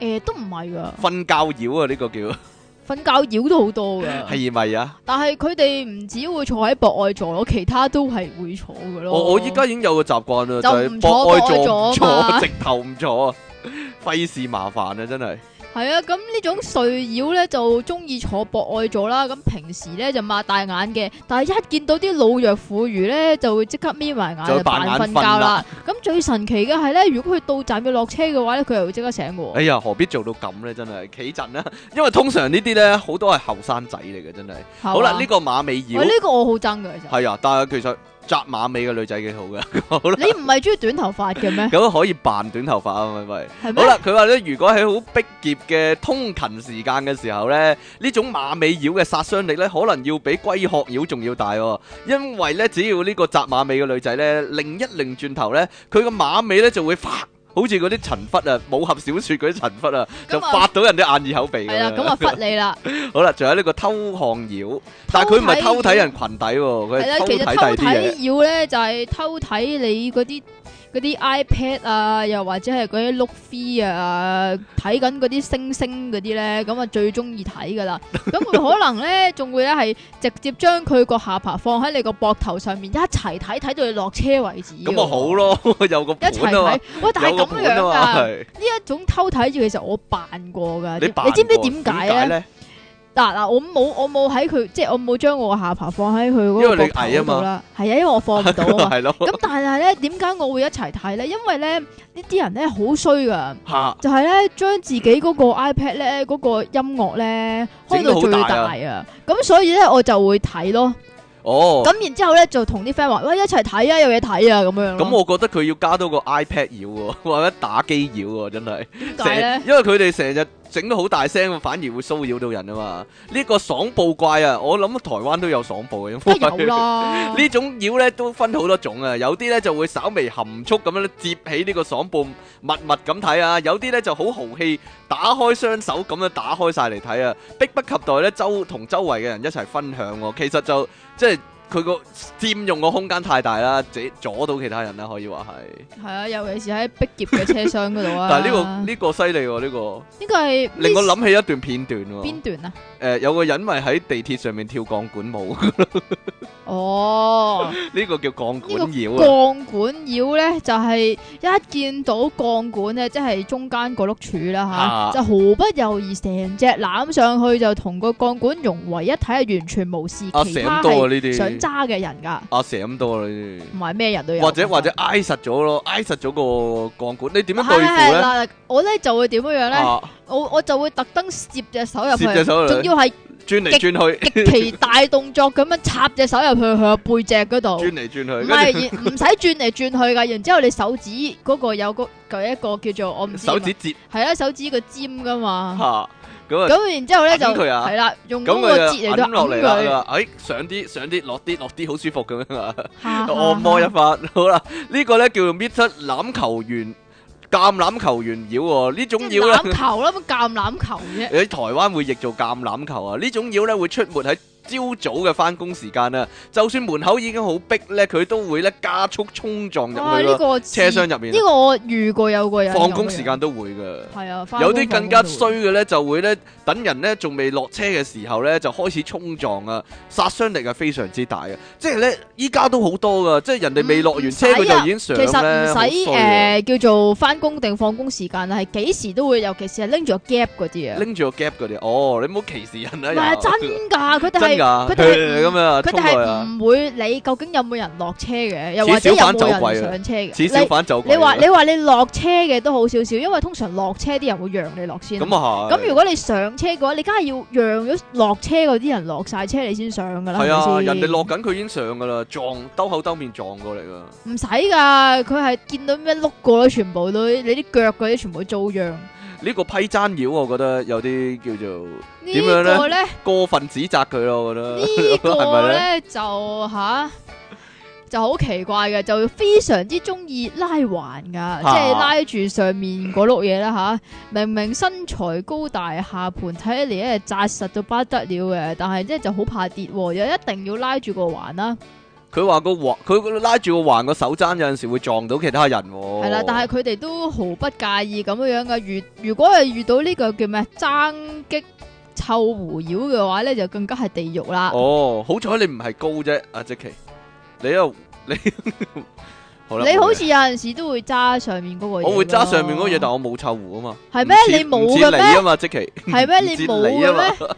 Speaker 2: 誒、欸，都唔係噶。瞓
Speaker 1: 覺妖啊，呢、呢個叫。
Speaker 2: 瞓覺妖都好多嘅，
Speaker 1: 係咪啊？
Speaker 2: 但係佢哋唔止會坐喺博愛座，其他都係會坐嘅咯。哦、我我依家已
Speaker 1: 經有個習慣啦，就唔坐博愛博座坐，座坐 (laughs) 直頭唔坐，費 (laughs) 事麻煩啊！真係。
Speaker 2: 係啊，咁呢、嗯、種睡妖咧就中意坐博愛座啦，咁平時咧就擘大眼嘅，但係一見到啲老弱婦孺咧就會即刻眯埋眼就扮瞓覺啦。咁、嗯、最神奇嘅係咧，如果佢到站要落車嘅話咧，佢又會即刻醒嘅。
Speaker 1: 哎呀，何必做到咁咧？真係企陣啦，因為通常呢啲咧好多係後生仔嚟嘅，真係。吧好啦，呢、呢個馬尾妖呢、呢個我好憎㗎，其實。係啊，但係其實。紮馬尾嘅女仔幾好㗎， (laughs) 好了你
Speaker 2: 唔係中意短頭髮嘅咩？
Speaker 1: 咁 (laughs) 可以扮短頭髮啊，係咪？嗎好啦，佢話咧，如果喺好逼仄嘅通勤時間嘅時候咧，呢種馬尾妖嘅殺傷力咧，可能要比龜殼妖仲要大喎、哦，因為咧只要呢個紮馬尾嘅女仔咧，擰一擰轉頭咧，佢個馬尾咧就會發。好似嗰啲陳忽，俠陳忽啊，武俠小說嗰啲陳忽啊，就發到人啲眼耳口鼻咁係啦，咁啊忽你啦。 (laughs) 好啦，仲有呢個偷，偷看妖，但係佢唔係偷睇人群底，啊，佢係偷睇底啲。係啦，其實偷睇妖
Speaker 2: 咧就係偷睇你嗰啲。嗰啲 iPad 啊，又或者係嗰啲 Look Free 啊，睇緊嗰啲星星嗰啲咧，咁啊最中意睇噶啦。咁佢 (laughs) 可能咧，仲會咧係直接將佢個下巴放喺你個膊頭上面一齊睇，睇到你落車為止。咁啊好
Speaker 1: 咯， (laughs) 有個本啊嘛，有個本啊嘛，
Speaker 2: 呢、啊、一種偷睇住其實我扮過噶，你，過你知唔知點解咧？嗱嗱、啊，我冇我冇喺佢，即係我冇將我個下巴放喺佢嗰度。因為你矮吖嘛啦。係啊，因為我放唔到。咁 (laughs) 的但係咧，點解我會一齊睇咧？因為咧呢啲人咧好衰噶，啊、就係咧將自己嗰個 iPad 咧嗰、嗰個音樂咧、啊、開到最大啊！咁所以咧，我就會睇咯。
Speaker 1: 哦。咁
Speaker 2: 然之後咧就同啲 friend 話，喂，一齊睇啊，有嘢睇啊，咁樣。咁我
Speaker 1: 覺得佢要加多個 iPad 妖喎，或者打機妖喎，真係。因為佢哋成日。整到好大聲，反而會騷擾到人啊嘛！呢、這個爽報怪啊，我諗台灣都有爽報嘅。呢 (laughs) 種妖呢都分好多種啊，有啲呢就會稍微含蓄咁樣接起呢個爽報，密密咁睇啊；有啲呢就好豪氣，打開雙手咁樣打開晒嚟睇啊！迫不及待呢周同周圍嘅人一齊分享喎、啊。其實就即係。佢個佔用個空間太大啦，這阻到其他人啦，可以話係
Speaker 2: 係啊，尤其是喺逼仄嘅車廂嗰度啊。但係呢個
Speaker 1: 呢個犀利喎，呢個呢個
Speaker 2: 係令我諗起一
Speaker 1: 段片段喎。
Speaker 2: 邊
Speaker 1: 段啊？誒，有個人咪喺地鐵上面跳鋼管舞。
Speaker 2: 哦，
Speaker 1: 呢個叫鋼管妖。鋼
Speaker 2: 管妖咧，就係一見到鋼管咧，即係中間嗰碌柱啦吓，就毫不猶豫，成隻攬上去就同個鋼管融為一體，係完全無視其他係。揸嘅人噶，阿、
Speaker 1: 啊、蛇咁多你
Speaker 2: 唔係咩人都有人或，或者
Speaker 1: 或者挨實咗咯，挨實咗個鋼管，你點樣對付咧？
Speaker 2: 我咧就會點樣咧？啊、我我就會特登攝隻手入去，仲要係轉嚟轉去，極其大動作咁樣插隻手入去佢背脊嗰度，轉嚟轉去，唔係唔使轉嚟轉去噶，然之後你手指嗰個有嗰個一個叫做我唔手指節，係啦手指個尖噶嘛。啊咁然之後咧就係啦，用嗰個節嚟揼落嚟啦，
Speaker 1: 哎上啲上啲落啲落啲好舒服咁啊，樣哈哈按摩一翻好啦，這個、呢個咧叫做 Mitch 欖球員，橄欖球員妖喎，種呢種妖咧攬球
Speaker 2: 啦，乜橄欖球
Speaker 1: 啫，喺台灣會譯做橄欖球啊，種呢種妖咧會出沒喺，朝早嘅翻工時間啊，就算門口已經好逼咧，佢都會咧加速衝撞入去咯，啊呢個、車廂入面。呢個我
Speaker 2: 遇過有個人。放工時
Speaker 1: 間都會噶，係啊，有啲更加衰嘅咧，會就會咧等人咧仲未落車嘅時候咧，就開始衝撞啊，殺傷力係非常之大啊。即係咧依家都好多噶，即係人哋未落完車佢就已經上咧、嗯啊，其實唔使誒
Speaker 2: 叫做翻工定放工時間係幾時都會，尤其是係拎住個 gap 嗰啲啊，
Speaker 1: 拎住個 gap 嗰啲哦，你唔好歧視人啊。唔係真
Speaker 2: 㗎，佢 (laughs) 佢
Speaker 1: 哋咁樣，佢哋係唔
Speaker 2: 會理你究竟有冇人落車嘅，又或者有冇人上車嘅，你話你話說 (laughs) 你落車嘅都好少少，因為通常落車啲人會讓你落先。咁如果你上車嘅話，你梗係要讓咗落車嗰啲人落晒車你，你先上㗎啦。係啊，吧人哋
Speaker 1: 落緊佢已經上㗎啦，撞兜口兜面撞過嚟㗎。唔
Speaker 2: 使㗎，佢係見到咩碌過全部都，你啲腳嗰啲全部遭殃。
Speaker 1: 呢個批爭擾我覺得有啲叫做點樣咧？個呢 (laughs) 過分指責佢咯，我覺得。呢個咧
Speaker 2: 就吓，就好奇怪嘅，就非常之中意拉環噶，即係哈拉住上面嗰碌嘢啦嚇。明明身材高大，下盤睇起嚟咧紮實到不得了嘅，但係即係就好怕跌，又一定要拉住個環啦。
Speaker 1: 佢話個環，佢拉住個環個手踭，有陣時會撞到其他人。哦。係啦，但係
Speaker 2: 佢哋都毫不介意咁樣樣嘅。如如果係遇到呢個叫咩爭擊臭狐妖嘅話咧，就更加係地獄啦。哦，
Speaker 1: 好彩你唔係高啫，阿積淇，你又你， (laughs) 好你好似
Speaker 2: 有陣時都會揸上面嗰個，我會揸上面嗰個嘢，
Speaker 1: 但我冇臭狐啊嘛。係咩？你冇嘅嘛，積淇係咩？你冇嘅咩？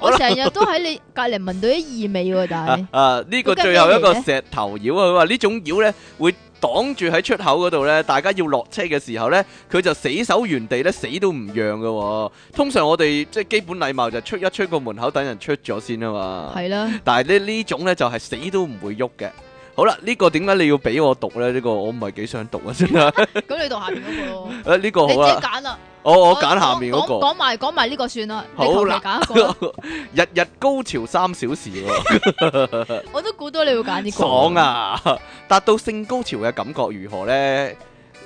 Speaker 2: 我成日都喺你隔籬聞到啲異味喎，但係啊呢、啊
Speaker 1: 這個最後一個石頭妖啊，佢話呢種妖咧會擋住喺出口嗰度咧，大家要落車嘅時候咧，佢就死守原地咧，死都唔讓噶。通常我哋即係基本禮貌就出一出個門口等人出咗先啊嘛。係啦，但係呢呢種咧就係死都唔會喐嘅。好啦，呢、這個點解你要俾我讀咧？呢、這個我唔係幾想讀啊，先係。咁你讀下邊
Speaker 2: 嗰、那個誒，呢個好啊。你自己揀啦。
Speaker 1: 哦、我我揀下面嗰、那個，講
Speaker 2: 埋講埋呢個算啦。好啦，揀一
Speaker 1: 個， (laughs) 日日高潮三小時， (laughs) (laughs)
Speaker 2: 我都估到你會揀呢個。爽
Speaker 1: 啊！達到性高潮嘅感覺如何咧？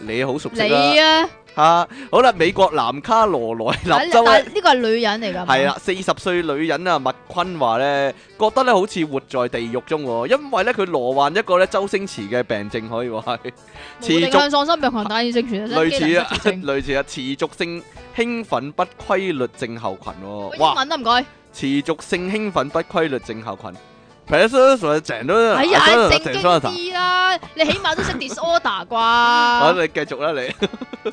Speaker 1: 你好熟悉啦。吓，好啦，美國南卡羅來納州呢個
Speaker 2: 係女人嚟㗎，係啦，四
Speaker 1: 十歲女人啊，麥坤話咧，覺得咧好似活在地獄中喎，因為咧佢罹患一個咧周星馳嘅病症，可以話係持續喪
Speaker 2: 心病狂大意症，類似啊，
Speaker 1: 類似啊，持續性興奮不規律症候群喎，哇，英文都唔該，持續性興奮不規律症候群 Professor 都啦，你起碼都識 disorder
Speaker 2: 啩，好，你
Speaker 1: 繼續啦你。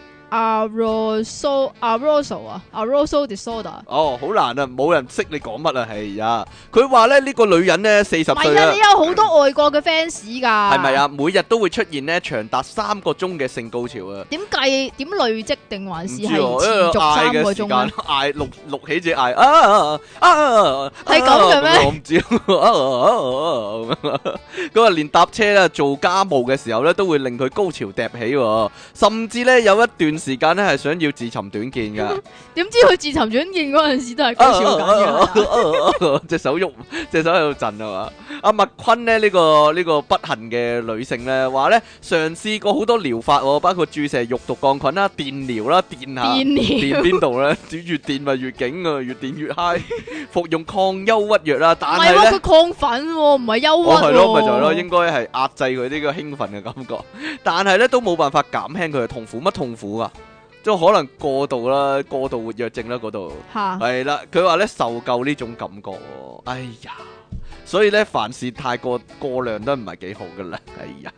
Speaker 2: 阿羅蘇啊，阿羅 disorder 哦，
Speaker 1: 好、so so oh，難啊，冇人識你講乜啊，哎啊，佢話咧呢、這個女人呢，四十歲，係啊，你有好
Speaker 2: 多外國嘅 fans 噶，係咪
Speaker 1: 啊？每日都會出現呢長達三個鐘嘅性高潮啊？
Speaker 2: 點計？點累積定還是持續三個鐘？嗌
Speaker 1: 六六起只嗌啊啊，係咁嘅咩？我唔知啊，佢話、啊啊啊啊、連搭車啊、做家務嘅時候咧，都會令佢高潮疊起，甚至呢，有一段。時間咧係想要自尋短見噶
Speaker 2: 點知佢自尋短見嗰陣時都係非常
Speaker 1: 咁樣，隻手喐，隻手喺度震啊嘛。阿麥坤咧呢個呢個不幸嘅女性咧，話咧嘗試過好多療法，包括注射肉毒桿菌啦、電療啦、電吓、電邊度咧，越電咪越勁啊，越電越 high。服用抗憂鬱藥啦，打唔係喎，佢
Speaker 2: 亢奮，唔係憂鬱。係咯，咪就係咯，應
Speaker 1: 該係壓制佢呢個興奮嘅感覺，但係咧都冇辦法減輕佢嘅痛苦。乜痛苦啊。即係可能過度啦，過度活躍症啦嗰度，係啦，佢話咧受夠呢種感覺。哦，哎呀，所以咧凡事太過過量都唔係幾好噶啦，哎呀，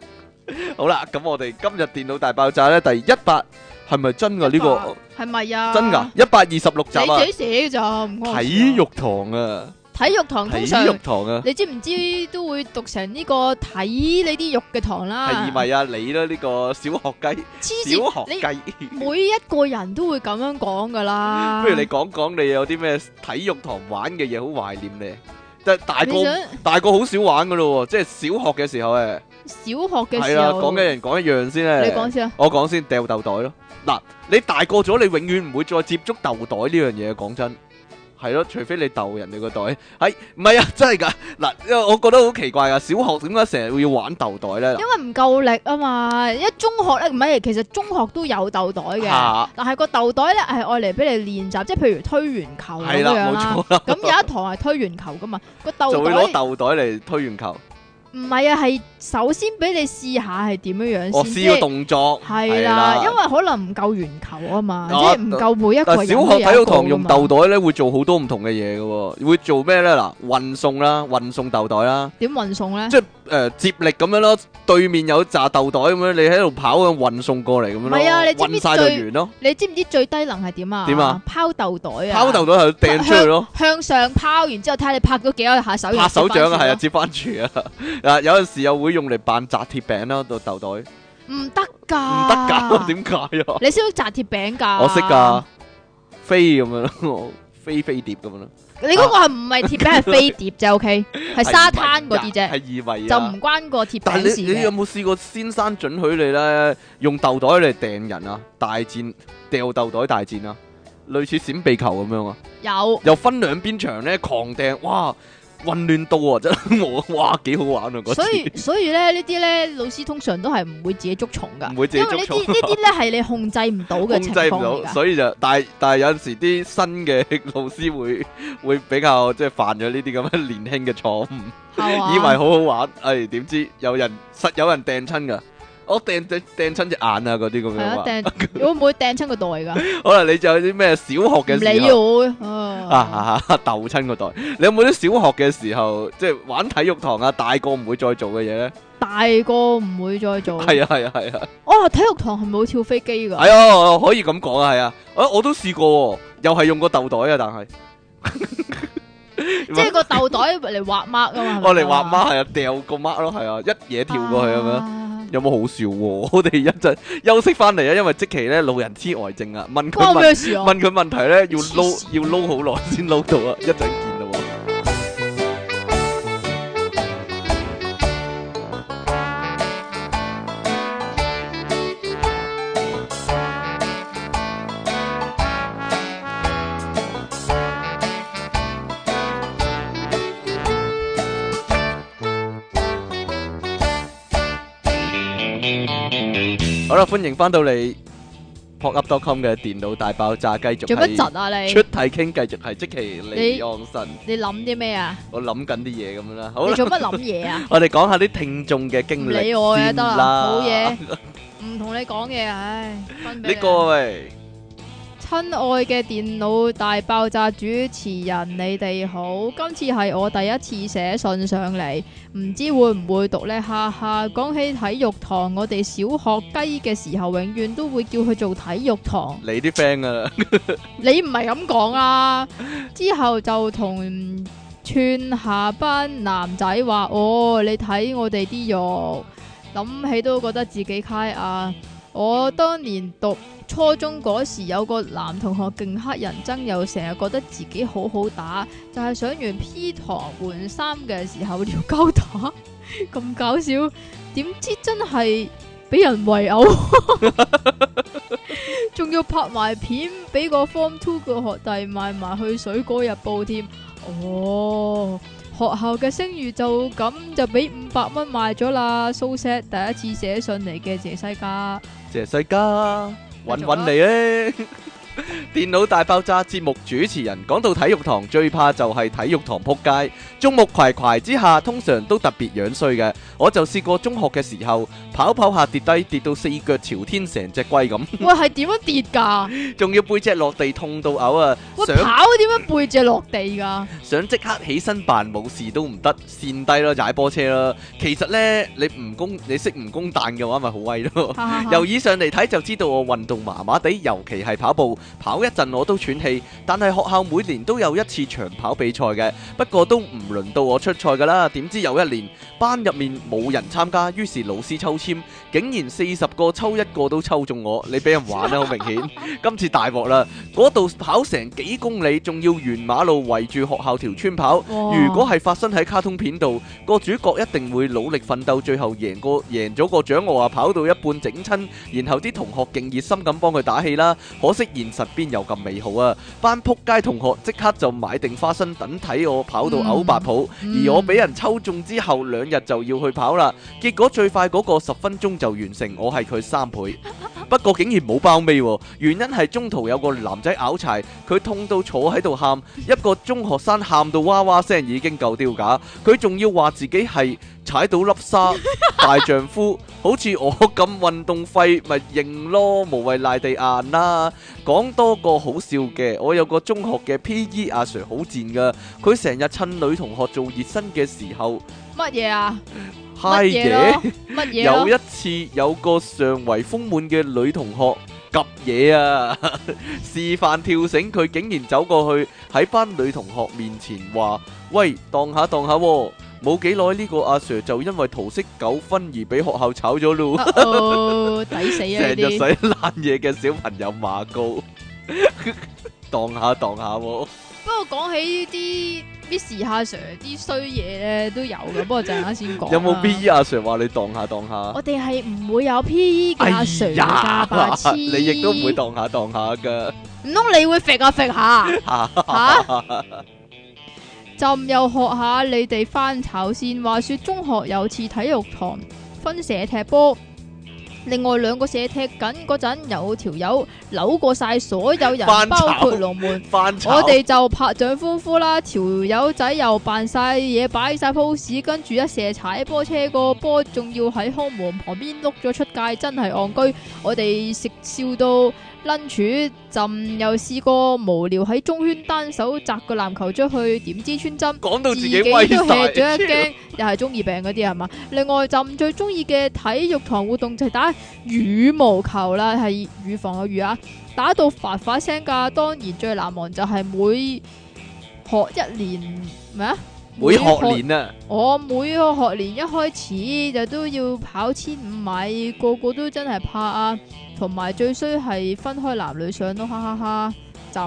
Speaker 1: (laughs) 好啦，咁我哋今日電腦大爆炸咧，第一百係咪真噶呢，一百，呢個，係
Speaker 2: 咪呀？真噶一
Speaker 1: 百二十六集啊！你自己
Speaker 2: 寫嘅咋？體
Speaker 1: 育堂啊！
Speaker 2: 體育堂通常，體育堂啊，你知唔知都會讀成呢個睇你啲肉嘅堂啦？係
Speaker 1: 咪啊？你啦呢個小學雞，小學雞，
Speaker 2: 每一個人都會咁樣講噶啦。不如你
Speaker 1: 講講你有啲咩體育堂玩嘅嘢好懷念咧？但大個大個好少玩噶咯，即係小學嘅時候咧。
Speaker 2: 小學嘅時候啦，講嘅人
Speaker 1: 講一樣先咧。你講先，我講先，掉豆袋咯。嗱，你大個咗，你永遠唔會再接觸豆袋呢樣嘢。講真。係咯，除非你鬥人哋個袋，係唔係啊？真係噶嗱，因為我覺得好奇怪噶，小學點解成日會要玩豆袋咧？因
Speaker 2: 為唔夠力啊嘛，一中學咧唔係，其實中學都有豆袋嘅，啊、但係個豆袋咧係愛嚟俾你練習，即係譬如推鉛球咁樣啦。係啦，冇錯。咁 (laughs) 有一堂係推鉛球噶嘛，個豆袋就會攞豆
Speaker 1: 袋嚟推鉛球。
Speaker 2: 唔係啊，係首先俾你試下係點樣樣先，即係、哦、試個動作係啦，是的因為可能唔夠圓球啊嘛，啊即係唔夠每一個，一個、啊啊。小學體育堂用
Speaker 1: 豆袋咧，會做好多唔同嘅嘢嘅喎，會做咩咧？嗱、啊，運送啦，運送豆袋啦，
Speaker 2: 點運送咧？即係。
Speaker 1: 誒、呃，接力咁樣咯，對面有炸豆袋咁樣，你喺度跑咁運送過嚟咁咯，運晒就完咯。
Speaker 2: 你知唔知最低能係點啊？點啊？拋豆袋啊！拋豆袋係掟出去咯，向上拋完之後睇下你拍咗幾多下手。拍手掌啊，係啊，
Speaker 1: 接翻住啊， (laughs) 有陣時又會用嚟扮炸鐵餅啦，個豆袋。
Speaker 2: 唔得噶，唔得噶，
Speaker 1: 點解啊？ (laughs) 啊啊你識唔
Speaker 2: 識炸鐵餅噶？我識噶，
Speaker 1: 飛咁樣咯，飛飛碟咁樣咯。
Speaker 2: 你嗰個係唔係貼餅，係 (laughs) 飛碟啫？OK，係沙灘嗰啲啫，係二維，就唔關個貼餅你事的。但係你你有
Speaker 1: 冇試過先生准許你咧，用豆袋嚟掟人啊？大戰掉豆袋大戰啊，類似閃避球咁樣啊？有，又分兩邊場咧，狂掟哇！混亂到啊，真係我哇，幾好玩啊，嗰次。
Speaker 2: 所以所以咧呢啲咧老師通常都係唔會自己捉蟲噶唔會，因為呢啲呢啲咧係你控制唔到嘅情況，控制唔到，所
Speaker 1: 以就但係但係有陣時啲新嘅老師會會比較即係犯咗呢啲咁嘅年輕嘅錯誤，嗎以為好好玩，哎點知有人實有人掟親噶。我掟掟掟親隻眼啊！嗰啲咁樣啊，
Speaker 2: 你會唔會掟親個袋噶？
Speaker 1: 可能你就有啲咩小學嘅時候
Speaker 2: 你會，啊
Speaker 1: 啊啊！斗親個袋，你有冇啲小學嘅時候即係玩體育堂啊？大個唔會再做嘅嘢咧？
Speaker 2: 大個唔會再做。係啊係啊係啊！哦，體育堂係咪好似跳飛機噶？係啊，
Speaker 1: 可以咁講啊，係啊，我我都試過，又係用個豆袋啊，但係即係個
Speaker 2: 豆袋嚟畫 mark 啊嘛，我
Speaker 1: 嚟畫 mark 係啊，掉個 mark 咯，係啊，一嘢跳過去咁樣。有冇好笑？啊、我哋一陣休息翻嚟啊，因為即期咧，老人痴呆症啊，問佢問佢、啊、問，問題咧要撈要撈好耐先撈到啊，一陣見。好啦，歡迎翻到你 pop up dot com 嘅電腦大爆炸，繼續做乜柒啊你，出體 king，繼續係積淇離岸神。
Speaker 2: 你諗啲咩啊？
Speaker 1: 我諗緊啲嘢咁樣啦。好啦，做乜諗嘢啊？我哋講下啲聽眾嘅經歷。 (laughs) 你我嘢得啦，冇嘢，
Speaker 2: 唔同你講嘢唉。呢、呢個喂。親愛嘅電腦大爆炸主持人，你哋好！今次係我第一次寫信上嚟，唔知會唔會讀呢？哈哈！講起體育堂，我哋小學雞嘅時候，永遠都會叫佢做體育堂。
Speaker 1: 你啲 friend 啊， (laughs)
Speaker 2: 你唔係咁講啊！之後就同串下班男仔話：， (laughs) 哦，你睇我哋啲肉，諗起都覺得自己 high 啊！我、oh，當年讀初中嗰時，有個男同學勁乞人憎，又成日覺得自己好好打，就係、是、上完 P 堂換衫嘅時候撩交打，咁 (laughs) 搞笑，點知真係俾人圍毆，仲 (laughs) (laughs) (laughs) 要拍埋片俾個 Form Two 嘅學弟賣埋去《水果日報》添，哦，學校嘅聲譽就咁就俾五百蚊賣咗啦。蘇、so、s 第一次寫信嚟嘅謝西家。
Speaker 1: 謝世嘉，揾揾你誒！ (noise) 電腦大爆炸節目主持人講到體育堂，最怕就係體育堂撲街。眾目睽睽之下，通常都特別樣衰嘅。我就試過中學嘅時候跑跑下跌低，跌到四腳朝天，成隻龜咁。
Speaker 2: 喂，係點樣跌噶
Speaker 1: 仲要背脊落地痛到嘔啊！喂，跑
Speaker 2: 點樣背脊落地噶
Speaker 1: 想即刻起身扮冇事都唔得，跣低咯，踩波車咯。其實呢，你蜈蚣你識蜈蚣彈嘅話，咪好威咯。由以上嚟睇，就知道我運動麻麻地，尤其係跑步。跑一陣我都喘氣，但係學校每年都有一次長跑比賽嘅，不過都唔輪到我出賽噶啦。點知有一年班入面冇人參加，於是老師抽籤，竟然四十個抽一個都抽中我，你俾人玩得、啊、好明顯。 (laughs) 今次大鑊啦，嗰度跑成幾公里，仲要沿馬路圍住學校條村跑。哇如果係發生喺卡通片度，個主角一定會努力奮鬥，最後贏個贏咗個獎。我話跑到一半整親，然後啲同學勁熱心咁幫佢打氣啦。可惜然。實邊有咁美好啊！班撲街同學即刻就買定花生等睇我跑到嘔白泡，嗯、而我俾人抽中之後兩日就要去跑啦。結果最快嗰個十分鐘就完成，我係佢三倍。不過竟然冇包尾，原因係中途有個男仔拗柴，佢痛到坐喺度喊。一個中學生喊到哇哇聲已經夠丟架，佢仲要話自己係踩到粒沙 (laughs) 大丈夫，好似我咁運動廢咪認咯，無謂賴地硬啦。講多個好笑嘅，我有個中學嘅 P.E 阿、啊、Sir 好賤噶，佢成日趁女同學做熱身嘅時候
Speaker 2: 乜嘢啊？嘢，乜嘢？ (laughs) 有一
Speaker 1: 次有個上圍豐滿嘅女同學及嘢啊， (laughs) 示範跳繩，佢竟然走過去喺班女同學面前話：喂，蕩下蕩下。冇幾耐呢個阿 Sir 就因為桃色糾紛而俾學校炒咗囉。抵死啊！成日使爛嘢嘅小朋友馬高蕩下蕩下。不
Speaker 2: 過講起呢啲。啲時下 Sir 啲衰嘢咧都有嘅，不過陣間先講。 (laughs) 有冇 P.E.
Speaker 1: 阿、啊、Sir 話你蕩下蕩下？我
Speaker 2: 哋係唔會有 P.E. 嘅阿、哎、呀 Sir， (laughs) 你亦都唔會
Speaker 1: 蕩下蕩下嘅。
Speaker 2: 唔通你會揈下揈下？就又學下你哋翻炒先。話說中學有次體育堂分社踢波。另外兩個射踢緊嗰陣，有條友扭過晒所有人，炒包括龍
Speaker 1: 門，炒我哋
Speaker 2: 就拍掌歡呼啦，條友 (laughs) 仔又扮晒嘢，擺晒 pose，跟住一射踩波車個波，仲要喺空門旁邊碌咗出界，真係戇居，我哋食笑到。Lunch 朕又試過無聊喺中圈單手擲個籃球出去，點知穿針
Speaker 1: 自，自己都吃咗一驚，
Speaker 2: 又係 (laughs) 中二病嗰啲係嘛？另外朕最中意嘅體育堂活動就係打羽毛球啦，係預防個預啊，打到發發聲噶。當然最難忘就係每學一年咩啊？每學年啊，我每、哦、每學年一開始就都要跑千五米，個個都真係怕啊！同埋最衰係分開男女上都，哈哈哈！浸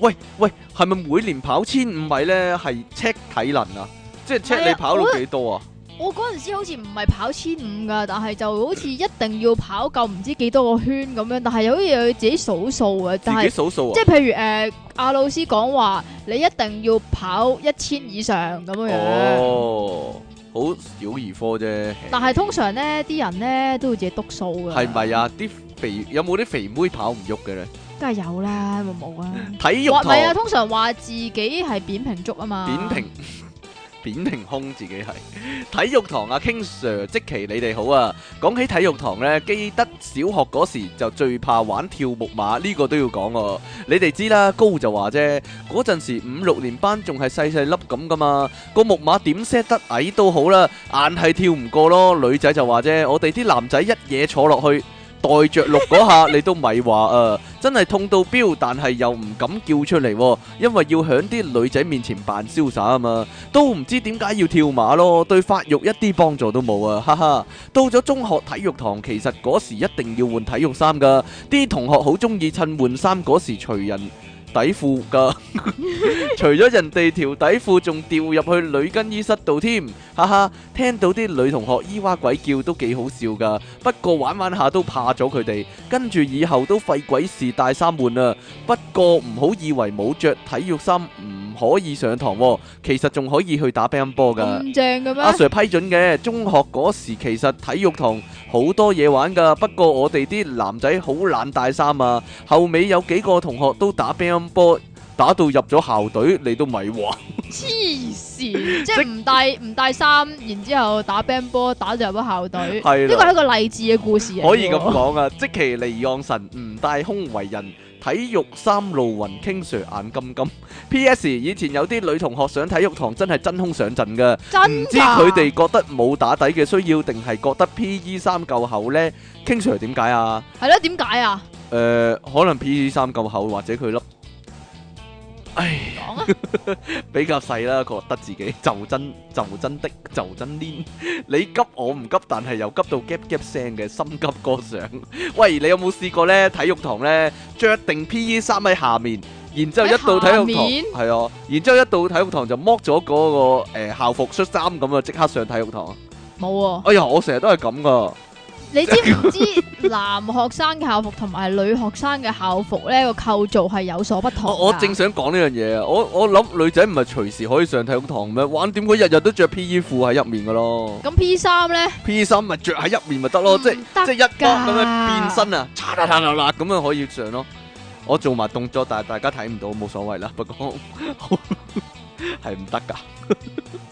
Speaker 1: 喂喂，係咪每年跑千五米咧？係 check 體能啊？即係 check 你跑到幾多啊？
Speaker 2: 我嗰陣時好似唔係跑千五噶，但係就好似一定要跑夠唔知幾多個圈咁樣， (laughs) 但係又好似要自己數數啊！自己數數啊！即係譬如誒，阿、呃、老師講話你一定要跑一千以上咁樣樣哦，
Speaker 1: 好小兒科啫。但係
Speaker 2: 通常咧，啲人咧都會自己督數噶，係
Speaker 1: 咪啊？啲肥有冇啲肥妹跑唔喐嘅咧？
Speaker 2: 梗係有啦，冇啊。體育堂唔係啊，通常話自己係扁平足啊嘛。扁平、
Speaker 1: 扁平胸，自己係體育堂啊，King Sir，積淇你哋好啊。講起體育堂咧，記得小學嗰時就最怕玩跳木馬，呢個都要講喎。你哋知啦，高就話啫。嗰陣時五六年班仲係細細粒咁噶嘛，個木馬點 set 得矮都好啦，硬係跳唔過咯。女仔就話啫，我哋啲男仔一嘢坐落去。戴着綠嗰下，你都咪話啊！真係痛到飆，但係又唔敢叫出嚟，啊，因為要響啲女仔面前扮瀟灑啊嘛！都唔知點解要跳馬咯，對發育一啲幫助都冇啊！哈哈，到咗中學體育堂，其實嗰時一定要換體育衫噶啲同學好中意趁換衫嗰時除人。 (laughs) 底褲噶，除咗人哋條底褲仲掉入去女更衣室度添，哈哈！聽到啲女同學咿哇鬼叫都幾好笑噶，不過玩玩下都怕咗佢哋，跟住以後都費鬼事帶衫換啦。不過唔好以為冇着體育衫唔。唔可以上堂，其實仲可以去打乒乓波噶。咁
Speaker 2: 正噶咩？阿 Sir
Speaker 1: 批准嘅。中學嗰時其實體育堂好多嘢玩噶，不過我哋啲男仔好懶帶衫啊。後尾有幾個同學都打乒乓波，打到入咗校隊，你都咪話。
Speaker 2: 黐線，即係唔帶唔帶衫，然之後打乒乓波，打到入咗校隊。呢的個係一個勵志嘅故事。可以咁講
Speaker 1: 啊， (laughs) 積淇離岸神唔帶胸為人。體育衫露雲 King Sir 眼金金。P.S. 以前有啲女同學上體育堂真係真空上陣㗎，唔的知佢哋覺得冇打底嘅需要，定係覺得 P.E. 衫夠厚呢？King Sir 點解啊？
Speaker 2: 係咯，點解啊？
Speaker 1: 誒、呃，可能 P.E. 衫夠厚，或者佢咯。哎，比較細啦，覺得自己就真就真的就真攣。你急我唔急，但係又急到 gap gap 聲嘅心急歌上。喂，你有冇試過呢？體育堂呢，着定 P.E. 衫喺下面，然之後一到體育堂係啊，然之後一到體育堂就剝咗嗰個誒校服恤衫咁啊，即刻上體育堂。
Speaker 2: 冇。哎呀，
Speaker 1: 我成日都係咁噶。
Speaker 2: 你知唔知男學生嘅校服同埋女學生嘅校服咧個構造係有所不同？我正
Speaker 1: 想講呢樣嘢啊！我我諗女仔唔係隨時可以上體育堂咩？玩點佢日日都着 PE 褲喺入面噶咯？
Speaker 2: 咁 P 衫咧
Speaker 1: ？P 衫咪着喺入面咪得咯？即係即係一間咁樣變身啊！擦擦擦擦擦咁樣，可以上咯！我做埋動作，但係大家睇唔到，冇所謂啦。不過，係唔得噶， (laughs)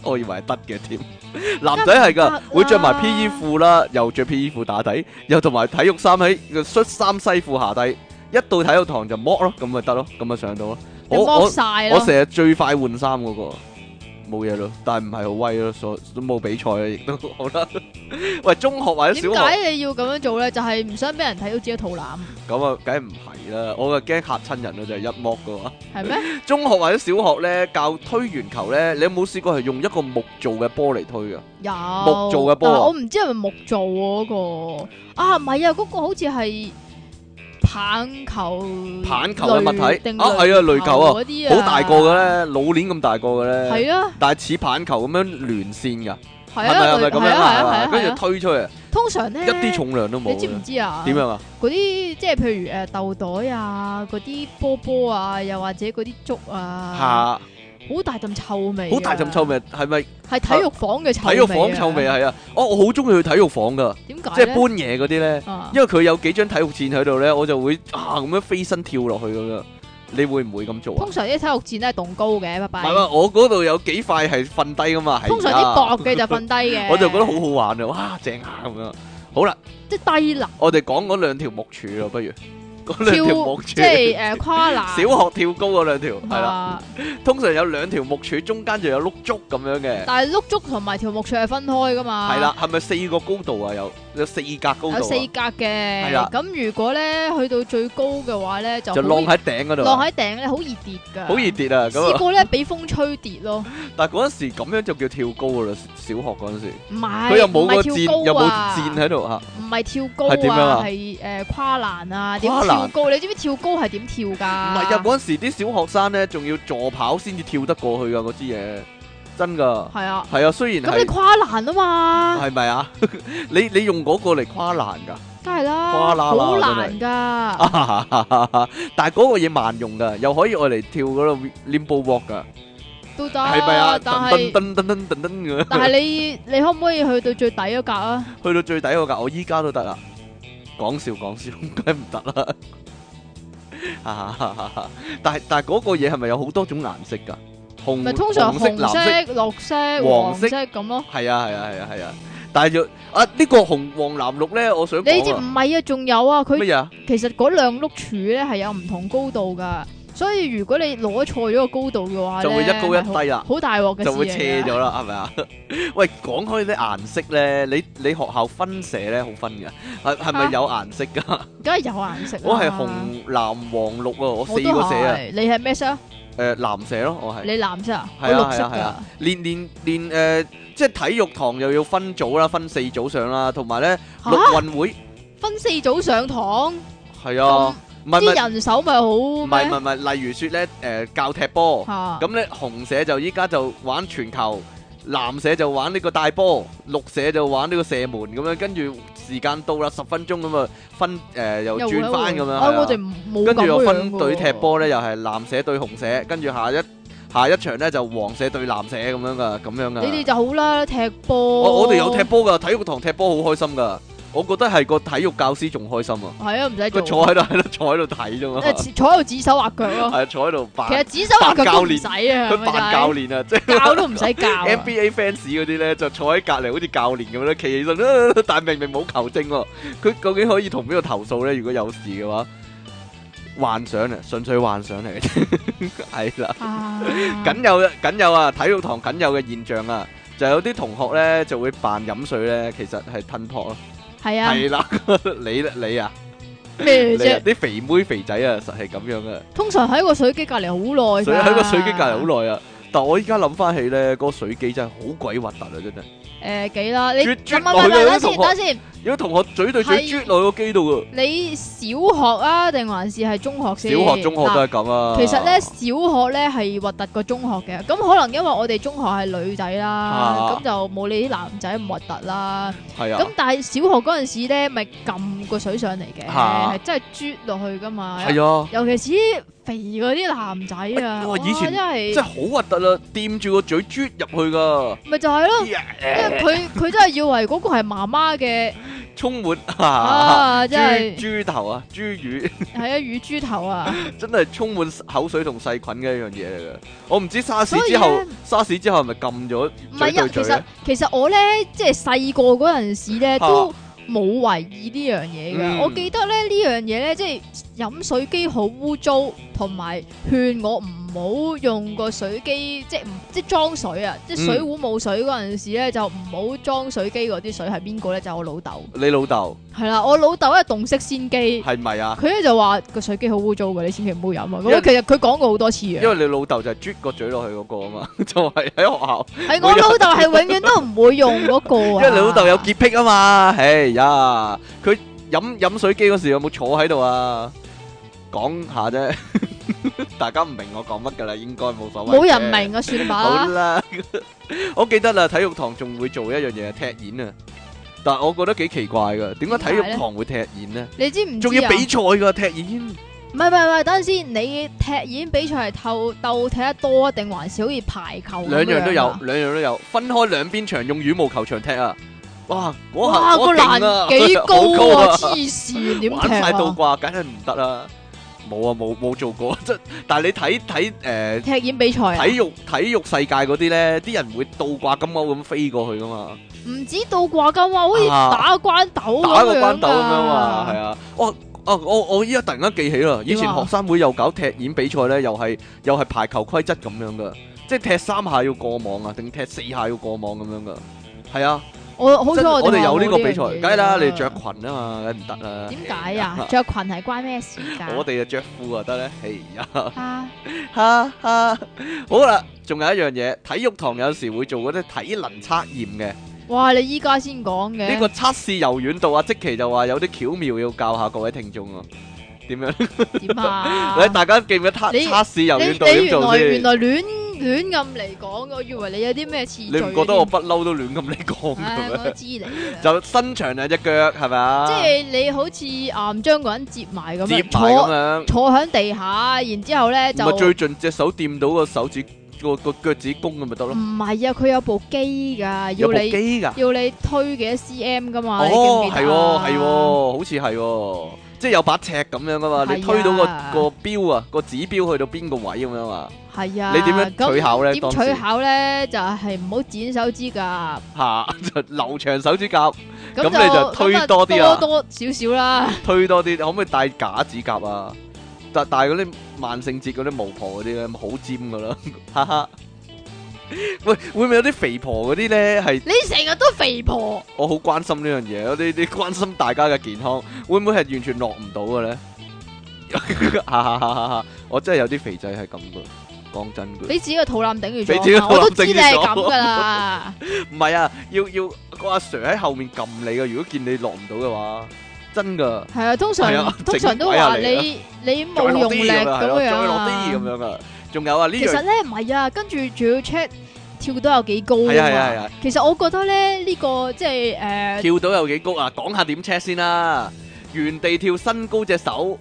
Speaker 1: 我以為係得嘅添。男仔係噶，會着埋 P.E. 褲啦，又着 P.E. 褲打底，又同埋體育衫喺恤衫西褲下底，一到體育堂就剝咯，咁咪得咯，咁咪上到咯。我我我成日最快換衫嗰個。冇嘢咯，但係唔係好威咯，所都冇比賽亦都好啦。 (laughs) 喂，中學或者小學點
Speaker 2: 解你要咁樣做咧？就係唔想俾人睇到自己肚腩。咁
Speaker 1: 啊，梗係唔係啦，我啊驚嚇親人咯，就係一摸噶。係咩？ (laughs) 中學或者小學咧教推圓球咧，你有冇試過係用一個木做嘅波嚟推噶？
Speaker 2: 有木做嘅波？我唔知係咪木做嗰個啊？唔係啊，嗰個好似係。.棒球，棒球嘅物體定啊，係啊，壘球啊，好大個嘅
Speaker 1: 咧，老鏈咁大個嘅咧，係啊，但係似棒球咁樣連線噶，係咪啊？係啊，係啊，跟住推出嚟，
Speaker 2: 通常咧一啲重量都冇，你知唔知啊？點樣啊？嗰啲即係譬如誒豆袋啊，嗰啲波波啊，又或者嗰啲竹啊。吓。好大陣臭，臭味！好大陣臭
Speaker 1: 味，係咪？
Speaker 2: 係體育房嘅臭味。體育房臭味係
Speaker 1: 啊！我我好中意去體育房噶。點解？即係搬嘢嗰啲咧，啊、因為佢有幾張體育墊喺度咧，我就會啊咁樣飛身跳落去咁樣。你會唔會咁做啊？通常
Speaker 2: 啲體育墊咧係凍高嘅，拜拜。係啊，
Speaker 1: 我嗰度有幾塊係瞓低噶嘛。通常啲薄嘅就瞓低嘅， (laughs) 我就覺得好好玩啊！哇，正下、啊、咁樣。好啦，即係低啦。我哋講嗰兩條木柱咯，不如。嗰兩條木柱跳，即
Speaker 2: 係誒、呃、跨欄， (laughs) 小學
Speaker 1: 跳高嗰兩條係啦，啊，通常有兩條木柱，中間就有碌竹咁樣嘅。但
Speaker 2: 係碌竹同埋條木柱係分開噶嘛？係啦，
Speaker 1: 係咪四個高度啊？有？有四格高有四
Speaker 2: 格嘅，咁啦如果咧去到最高嘅話咧，就就晾喺頂嗰度。晾喺頂咧，好易跌噶。好易
Speaker 1: 跌啊！咁試過
Speaker 2: 咧俾風吹跌咯。
Speaker 1: (laughs) 但係嗰陣時咁樣就叫跳高噶啦，小學嗰陣時。唔係是。佢又冇跳高又冇箭喺度嚇。
Speaker 2: 唔係跳高啊，係誒跨欄啊。跨欄點跳高，你知唔知跳高係點跳㗎？唔係啊！嗰陣
Speaker 1: 時啲小學生咧，仲要助跑先至跳得過去啊！嗰支嘢。真噶，係啊，係啊，雖然咁你跨
Speaker 2: 欄啊嘛，係
Speaker 1: 咪啊？你你用嗰個嚟跨欄噶，梗
Speaker 2: 係啦，跨欄，好難噶。
Speaker 1: 但係嗰個嘢萬用噶，又可以愛嚟跳嗰度 limbo walk 噶，
Speaker 2: 都得。係咪啊？但係
Speaker 1: 但係你
Speaker 2: 你可唔可以去到最底一格啊？
Speaker 1: 去到最底嗰格，我依家都得啦。講笑講笑，梗唔得啦。但係但係嗰個嘢係咪有好多種顏色噶？咪通常紅色、藍色、
Speaker 2: 綠色、黃色咁咯。
Speaker 1: 係啊係啊係啊係啊，但係要啊呢個紅黃藍綠咧，我想你知唔
Speaker 2: 係啊，仲有啊，佢乜嘢？其實嗰兩碌柱咧係有唔同高度噶，所以如果你攞錯咗個高度嘅話，就會一高一低啦，好大鑊嘅事啊！就會斜咗啦，
Speaker 1: 係咪啊？喂，講開啲顏色咧，你你學校分社咧好分嘅，係係咪有顏色噶？梗
Speaker 2: 係有顏色啦。我係紅
Speaker 1: 藍黃綠啊，我四個社啊。
Speaker 2: 你係咩色啊？
Speaker 1: 誒藍社咯，我係你藍
Speaker 2: 色啊，啊我綠色噶，啊啊啊啊。
Speaker 1: 練練練誒，呃，即係體育堂又要分組啦，啊，分四組上啦，啊，同埋咧，陸運會，啊、會
Speaker 2: 分四組上堂。
Speaker 1: 係啊，唔知人
Speaker 2: 手咪好？唔係
Speaker 1: 唔係，例如説咧，誒，呃、教踢波，咁咧，啊、紅社就依家就玩全球。藍社就玩呢個大波，綠社就玩呢個射門咁樣，跟住時間到啦，十分鐘咁啊分誒、呃、又轉翻咁樣係啦，跟住又分隊踢波呢又係藍社對紅社，跟住下一下一場咧就黃社對藍社咁樣噶，咁樣噶。你哋
Speaker 2: 就好啦，踢波。我我哋有踢
Speaker 1: 波噶，體育堂踢波好開心噶。我覺得係個體育教師仲開心啊！係
Speaker 2: 啊，唔使、啊、坐喺度，喺
Speaker 1: 度坐喺度睇啫嘛。即係
Speaker 2: 坐喺度指手畫腳咯、
Speaker 1: 啊，坐喺度扮。其實指手畫腳教啊，佢、就是、扮教練啊，即係 (laughs) 教都唔使教、啊。N B A fans 嗰啲咧就坐喺隔離，好似教練咁樣企起身。但明明冇球證喎、啊，佢究竟可以同邊個投訴咧？如果有事嘅話，幻想啊，純粹幻想嚟、啊、嘅，係 (laughs) 啦 (laughs) 了。啊、僅有僅有啊，體育堂僅有嘅現象啊，就有啲同學咧就會扮飲水咧，其實係吞泡咯。係啊，係啦，你咧，你啊，咩啫？啲、 (laughs) 啊、肥妹肥仔啊，實係咁樣噶。
Speaker 2: 通常喺個水機隔籬好耐噶，喺個水機隔籬好
Speaker 1: 耐啊。我依家諗翻起咧，嗰個水機真係好鬼核突啊！真係，
Speaker 2: 誒幾啦？你唔係唔係唔係？有同學，
Speaker 1: 有同學嘴對嘴啜落個機度嘅。
Speaker 2: 你小學啊，定還是係中學先？小學、中學都係咁啊。其實咧，小學咧係核突過中學嘅。咁可能因為我哋中學係女仔啦，咁就冇你啲男仔咁核突啦。係啊。咁但係小學嗰陣時咧，咪撳個水上嚟嘅，係真係啜落去噶嘛？係啊。尤其是。肥嗰啲男仔啊！以前真係真係
Speaker 1: 好核突啊，掂住個嘴啜入去噶，
Speaker 2: 咪就係咯，因為佢佢真係以為嗰個係媽媽嘅，
Speaker 1: 充滿啊，真係豬頭啊，豬魚
Speaker 2: 係啊，魚豬頭啊，
Speaker 1: 真係充滿口水同細菌嘅一樣嘢嚟嘅。我唔知沙士之後沙士之後係咪禁咗？唔係啊，其實
Speaker 2: 其實我咧即係細個嗰陣時咧都冇懷疑呢樣嘢噶，我記得咧呢樣嘢咧即係飲水機好污糟。同埋勸我唔好用個水機，即係唔即係裝水啊！即係水壺冇水嗰陣時咧，就唔好裝水機嗰啲水係邊個咧？就是、我老豆。你老豆係啦，我老豆咧洞悉先機，係咪啊？佢咧就話個水機好污糟㗎，你千祈唔
Speaker 1: 好飲啊！咁為其實佢講過好多次啊。因為你老豆就係啜個嘴落去嗰個啊嘛， (laughs) 就係喺學校。
Speaker 2: 係我老豆係永遠都唔會用嗰、那個啊。 (laughs) 因為你老
Speaker 1: 豆有潔癖啊嘛，係呀？佢飲飲水機嗰時有冇坐喺度啊？講、yeah 啊、下啫。 (laughs) 大家唔明我講乜噶啦，應該冇所謂。冇人明嘅算數好啦。我記得啦，體育堂仲會做一樣嘢踢毽啊。但係我覺得幾奇怪噶，點解體育堂會踢毽呢？你
Speaker 2: 知唔知？仲要比
Speaker 1: 賽噶踢毽？
Speaker 2: 唔係唔係唔係，等陣先。你踢毽比賽係鬥鬥踢得多定還是好似排球？兩樣都有，
Speaker 1: 兩樣都有，分開兩邊場用羽毛球場踢啊！哇，嗰下嗰邊啊，幾高啊，
Speaker 2: 黐綫點踢啊？玩太倒
Speaker 1: 掛，梗係唔得啦。冇啊冇冇做過，即但係你睇睇誒，呃、踢
Speaker 2: 毽比賽、啊、體育
Speaker 1: 體育世界嗰啲咧，啲人會倒掛金鈎咁飛過去噶嘛？
Speaker 2: 唔止倒掛金鈎，好似打個關斗打個關斗咁樣、啊、樣嘛，係啊！哦、
Speaker 1: 啊、哦、啊，我我依家突然間記起啦，麼以前學生會又搞踢毽比賽咧，又係又係排球規則咁樣噶，即係踢三下要過網啊，定踢四下要過網咁樣噶，係啊。
Speaker 2: 我好我哋有呢個比賽，梗係啦，你着
Speaker 1: 裙啊嘛，梗唔得啦。點解呀？着
Speaker 2: 裙係關咩事噶？我
Speaker 1: 哋啊着褲啊得咧，哎呀！
Speaker 2: 哈哈，
Speaker 1: 好啦，仲有一樣嘢，體育堂有時會做嗰啲體能測驗嘅。
Speaker 2: 哇，你依家先講嘅呢個測
Speaker 1: 試柔軟度啊，積淇就話有啲巧妙要教下各位聽眾啊，點樣？點啊？你大家記唔記得測測試柔軟度點做先？
Speaker 2: 亂咁嚟講，我以為你有啲咩刺。你唔覺得我不
Speaker 1: 嬲都亂咁嚟講嘅咩？哎、我知 (laughs) 就伸長兩隻腳係咪啊？即係
Speaker 2: 你好似暗將個人接埋咁接摺埋咁樣，樣，坐喺地下，然之後咧就不不最
Speaker 1: 近隻手掂到個手指個、那個腳趾弓腳趾公咪得咯？
Speaker 2: 唔係啊，佢有部機㗎，要你要你推嘅 cm 㗎嘛？哦，係喎，係
Speaker 1: 喎、哦哦哦哦，好似係喎。即係有把尺咁樣噶嘛，啊、你推到個個標啊個指標去到邊個位咁樣啊？
Speaker 2: 係啊，你點樣取巧咧？當時點取巧咧，就係唔好剪手指甲，
Speaker 1: 嚇就 (laughs) 留長手指甲，咁就你就推多啲啦，多，多
Speaker 2: 多少少啦，
Speaker 1: 推多啲。可唔可以戴假指甲啊？但係嗰啲萬聖節嗰啲巫婆嗰啲咧，好尖噶啦，哈哈。喂，會唔會有啲肥婆嗰啲咧？係你
Speaker 2: 成日都肥婆，
Speaker 1: 我好關心呢樣嘢，你你關心大家嘅健康，會唔會係完全落唔到嘅咧？我真係有啲肥仔係咁嘅，講真你自
Speaker 2: 己個肚腩頂住咗，你我都知你係咁噶啦。
Speaker 1: 唔係、 (laughs) 嗯、 (laughs) 啊，要要個阿、啊、Sir 喺後面撳你嘅，如果見你落唔到嘅話，真噶係啊，通常、啊、通常都話、啊、你
Speaker 2: 你冇用力咁
Speaker 1: 樣啊。仲有啊！其實咧
Speaker 2: 唔係啊，跟住仲要 check 跳到有幾高啊！啊啊其實我覺得咧呢、呢個即係誒、呃、跳
Speaker 1: 到有幾高啊，講下點 check 先啦、啊。原地跳身高隻手